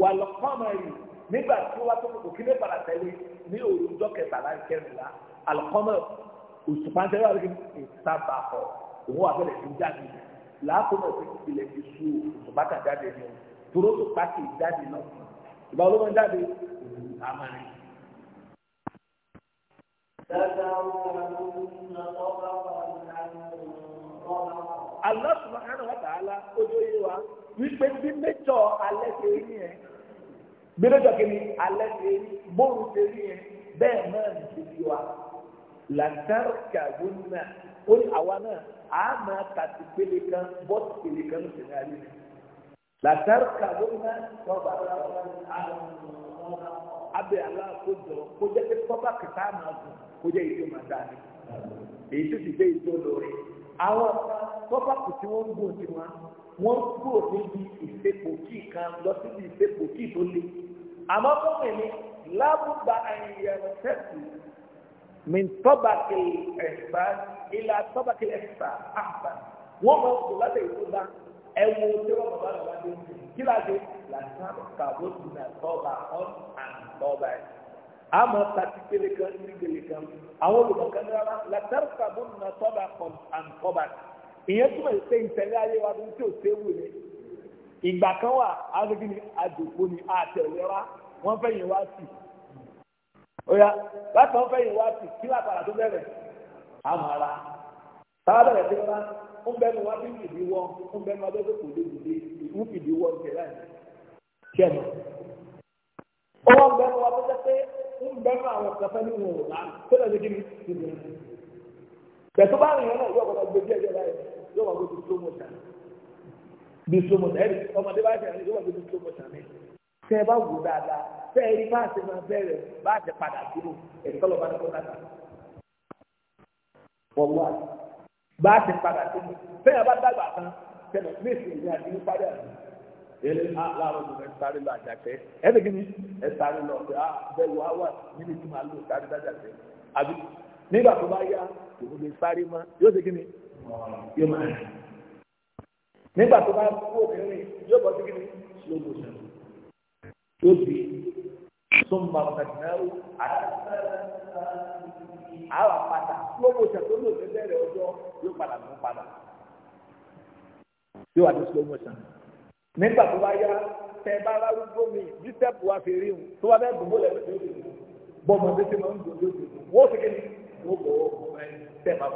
wàlùkọ́mọ̀rì nígbà tí wọ́n tó kò kí lè padà tẹ̀lé ní òòjọ́ kẹtàlá kẹrìnlá àlùkọ́mọ̀ òṣùpá ń tẹ́lẹ̀ wà lókè ìtàbà ọ̀ òun wà bẹ̀rẹ̀ sí jáde làákùnmọ̀ sí ìpìlẹ̀ ti sú òṣùpá jáde ní o tòró òṣùpá kì í jáde náà ìgbà olómọ jáde òun àmàrin. Allah subhanahu wa ta'ala ojú oyè wa wípé bí méjọ alẹ́ ṣe rí yẹn bí méjọ kìíní alẹ́ ṣe rí bóòrù ṣe rí yẹn bẹ́ẹ̀ náà ní ṣe rí wa làǹtàrọ̀ kàgbónú náà ó ní àwa náà a máa tàti pele kan bọ́ọ̀tì pele kan lóṣù ní ayé làtàrí kàdó náà tọ́ba abẹ́ aláàkójọ kó jẹ́ pé tọ́ba kìtà máa gùn kó jẹ́ ìjọ máa dáa ní èyí tó ti gbé ìjọ lórí àwọn tọ́ba kùtì wọn ń gùn tiwọn wọ́n kúrò níbi ìsepò kí kan lọ síbi ìsepò kí tó le àmọ́ fún mi ni lábùgbà ẹ̀yẹ tẹ̀sí mi tọ́ba kì í ẹ̀gbá ilà tọ́bàkì ẹ̀sà àpà wọ́n mọ̀ ọ́ láti ìlú bá ẹ̀wù tí wọ́n bàbá rẹ̀ wá dé kí láti làtà kàwé tìǹà tọ́ba ọ̀n àti tọ́ba ẹ̀ àmọ́ tàbí kele kan ní kele kan àwọn olùkọ́ làtà kàwé tìǹà tọ́ba ọ̀n àti tọ́ba ìyẹn túmọ̀ sí pé ìtẹ̀lé ayé wa ló ń tí ò séwu ni ìgbà kan wà ágbègbè ni àjòkó ni àtẹ̀lé wa wọ́n fẹ́ yẹn wá sí. ó yá bákan fẹ́ yẹn wá sí kí lápàdà tó bẹ̀rẹ̀ àmàrà sábà rẹ̀ dẹ́gbà ń bẹnu wá bí fìdí wọ́n ń bẹnu wá bẹ́ẹ̀ kò lè dìde ìlú fìdí wọ́n jẹ láì ṣe mọ́. ó wọ́n bẹnu wá tó jẹ́ pé ń bẹnu àwọn kan fẹ́ nínú òun náà tó lè dín ní ìlú rẹ̀. bẹ̀tú bá rìn yẹn náà yóò kọ́ta gbé díẹ̀ díẹ̀ láì yóò wà gbé slow motion bí slow motion ẹ̀rí ọmọdé bá ṣẹlẹ̀ yóò wà gbé slow motion mi. tẹ́ ẹ bá wù dáadáa tẹ́ ẹ rí wọ́wọ́ bá a ti padà sí mi bẹ́ẹ̀ bá dàgbà kan tẹ̀lé ní ìsìn ìdí àti ní padà sí yẹlẹ a láàárọ̀ mi ẹ sáré lọ àjàkẹ́ ẹ bẹ kí ni ẹ sáré lọ ọ̀sẹ̀ ah, a bẹ́ẹ̀ wọ awà níbi tí màá lò sáré dájàkẹ́ àbí nígbà tó bá yá òun lè sáré mọ́ yóò ṣe kí ni yóò máa rìn nígbà tó bá kú obìnrin yóò bọ́ sí kí ni slow motion yóò bí súnmọ́ ọ̀nà ìnáwó àti àwọn àpàtà slow motion tó lò lẹ́lẹ́rẹ̀ ọjọ́ yóò padà mú padà yóò wà ní slow motion nígbà tó bá yá tẹ bá arúgbó mi bí sẹ́pù wa fi rí o tó bá bẹ́ẹ̀ dùnmó lẹ́nu tó dùn bọ́ ọmọ tó ti máa ń dùn tó dùn wọ́n fi kéde wọ́n bọ̀ ọ́ tẹ̀ máa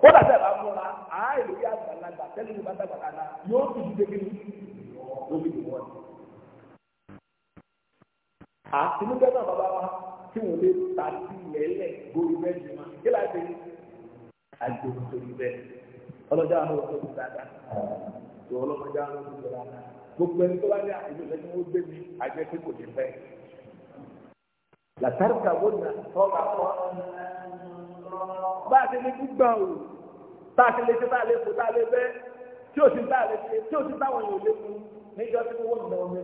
kódà tẹ̀ bá múra àá ìlú àgbàlagbà tẹ́lẹ̀ mi bá dàgbà kàná yóò fi ju dégé mi lórí ìwọ́n. àtinúgbẹ́ náà bàbá wa tí wọ́n lè ta sí lẹ́lẹ̀ gbórí mẹ́jọ máa kí láti àjò nítorí bẹ́ẹ̀ ọlọ́jà àwọn ọ̀tọ̀ ti dáadáa tó ọlọ́mọdé àwọn ọ̀tọ̀ ti dáadáa gbogbo ẹni tó bá ní àìlú lẹ́nu ó gbé mi àjẹ́ tí kò ní bẹ́ẹ̀. làtàríkà wọ́n nà tọ́ka kọ́ bá a ti ní gbígbà o tá a ti lè ṣe tá a lè fò tá a lè bẹ́ tí o ti tá a lè ṣe tí o ti táwọn èèyàn lè fún níjọ́ tí wọ́n nà ọmọ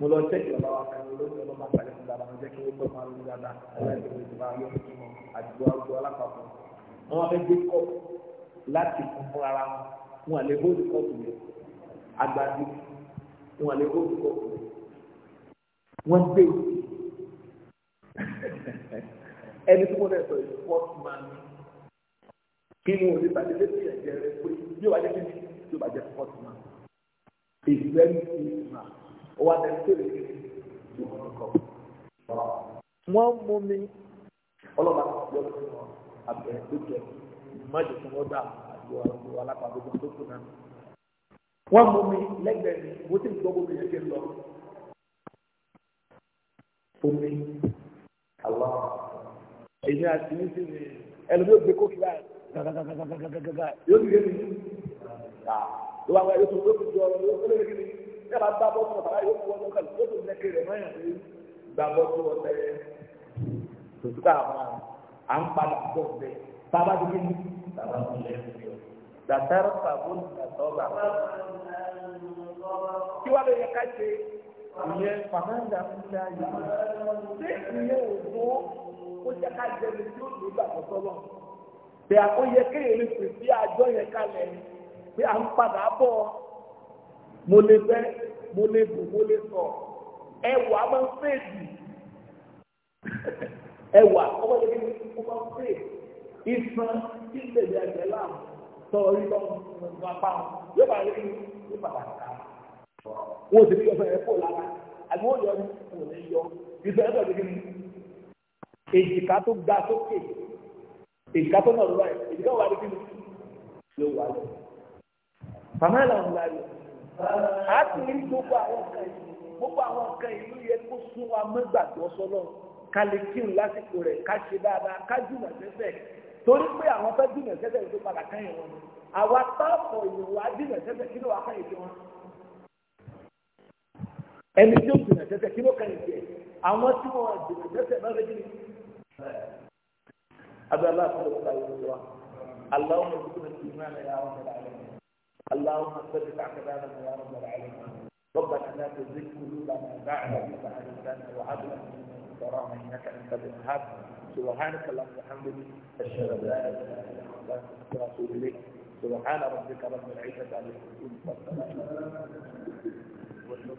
mo lọ tẹ́kì ọba wa kan olóyún ọlọ́mọ àgbàlẹ̀ fún bàbá mi jẹ́ kí wọ́n gbọ́ máa ń lóyún dáadáa aláìsàn ìjọba ayé ìtumọ̀ àdúgbò àgbo alápapọ̀ wọn wá fẹ́ gbé kọ́ọ̀pù láti fún fún ara wọn wọn àlẹ́ bóòdù kọ́ọ̀pù yẹn agbadú wọn àlẹ́ bóòdù kọ́ọ̀pù yẹn wọ́n gbé òkè <laughs> ẹni tí mo lè sọ yìí fọ́ọ̀t máa ní kí ni òní bàjẹ́ lé is very similar over the spirit to ọkọ. wọ́n mú mi ọlọ́ba yọ sí wọn abẹ́ lókè mọ́jọ tí wọ́n dà àjọ àwọn alábàágbé tó kù náà. wọ́n mú mi lẹ́gbẹ̀ẹ́ mi mo ti gbọ́ bómi yẹn ṣe lọ. omi àlọ́ èyí àti ní sí ni ẹlòmíràn gbé kókì báyìí gàgàgàgàgàgàgàgà yóò ti gbé mi ló wà wá yóò tó yóò tó jọ yóò tó lórí kiri yóò bá gbá bọ́ọ̀tù ọ̀tà yóò tó wọ́n kàlù yóò tó lẹ́kẹ̀ rẹ̀ mọ́yàn ní gbá bọ́ọ̀tù ọ̀tà yẹn tòtúkà àwọn à ń padà bọ̀ bẹ́ẹ̀ bàbá tó kéde bàbá tó lẹ́kẹ̀ rẹ̀ dàtàrà pàbó dàtọ̀ bàbá. kí wàá lè yẹ ká ṣe ìyẹn fàmáńdà ń ṣe àyè ṣé ìyẹn ò tó kó jẹ́ ká jẹ́ mi tí ó lè gbà pé à ń padà bọ̀ mo lè fẹ́ mo lè bù mo lè sọ ẹwà máa ń fèèdì ẹwà ọmọ yẹn ní kó máa ń fèèdì ìsan ìgbèlè ẹgbẹ́ láàmú sọ orí bá wọn gba pa wọn yóò bá rí ní bàbá ká wọn ò sì fi ọ̀sẹ̀ rẹ̀ lára àbí wọn yọ ní kò ní yọ ìsan ẹgbẹ́ òdìgí ni èjìká tó ga sókè èjìká tó nà lọ́wọ́ ẹ̀ èjìká wà ní kí ni yóò wà lọ́wọ́. Bàmá ẹ̀ làwọn ìlànà. A ti rí gbogbo àwọn kan yìí. Gbogbo àwọn kan ìlú yẹn kó sún wa mẹ́gbàgbọ́ sọ́nà. Ká lè kírun lásìkò rẹ̀, ká ṣe dáadáa, ká jùmọ̀ sẹ́sẹ̀. Torí pé àwọn fẹ́ jùmọ̀ sẹ́sẹ̀ ló padà káyìn wọn. Àwa táàpọ̀ ìwà jùmọ̀ sẹ́sẹ̀ kí ló wà káyìn tí wọn ẹni tí ó dùnà tẹsẹ kí ló ka yìí jẹ àwọn tí wọn dùnà tẹsẹ náà lẹbi ni. abẹ́ aláàfin ló ń ta ìwé wa aláwọ̀ ń اللهم ثبت اعتبارنا يا رب العالمين ربنا لا تزغ قلوبنا بعد إذ هديتنا وهب لنا من لدنك إنك أنت الوهاب سبحانك اللهم وبحمدك أشهد أن لا إله إلا أنت أستغفرك إليك سبحان ربك رب العزة عما يصفون والسلام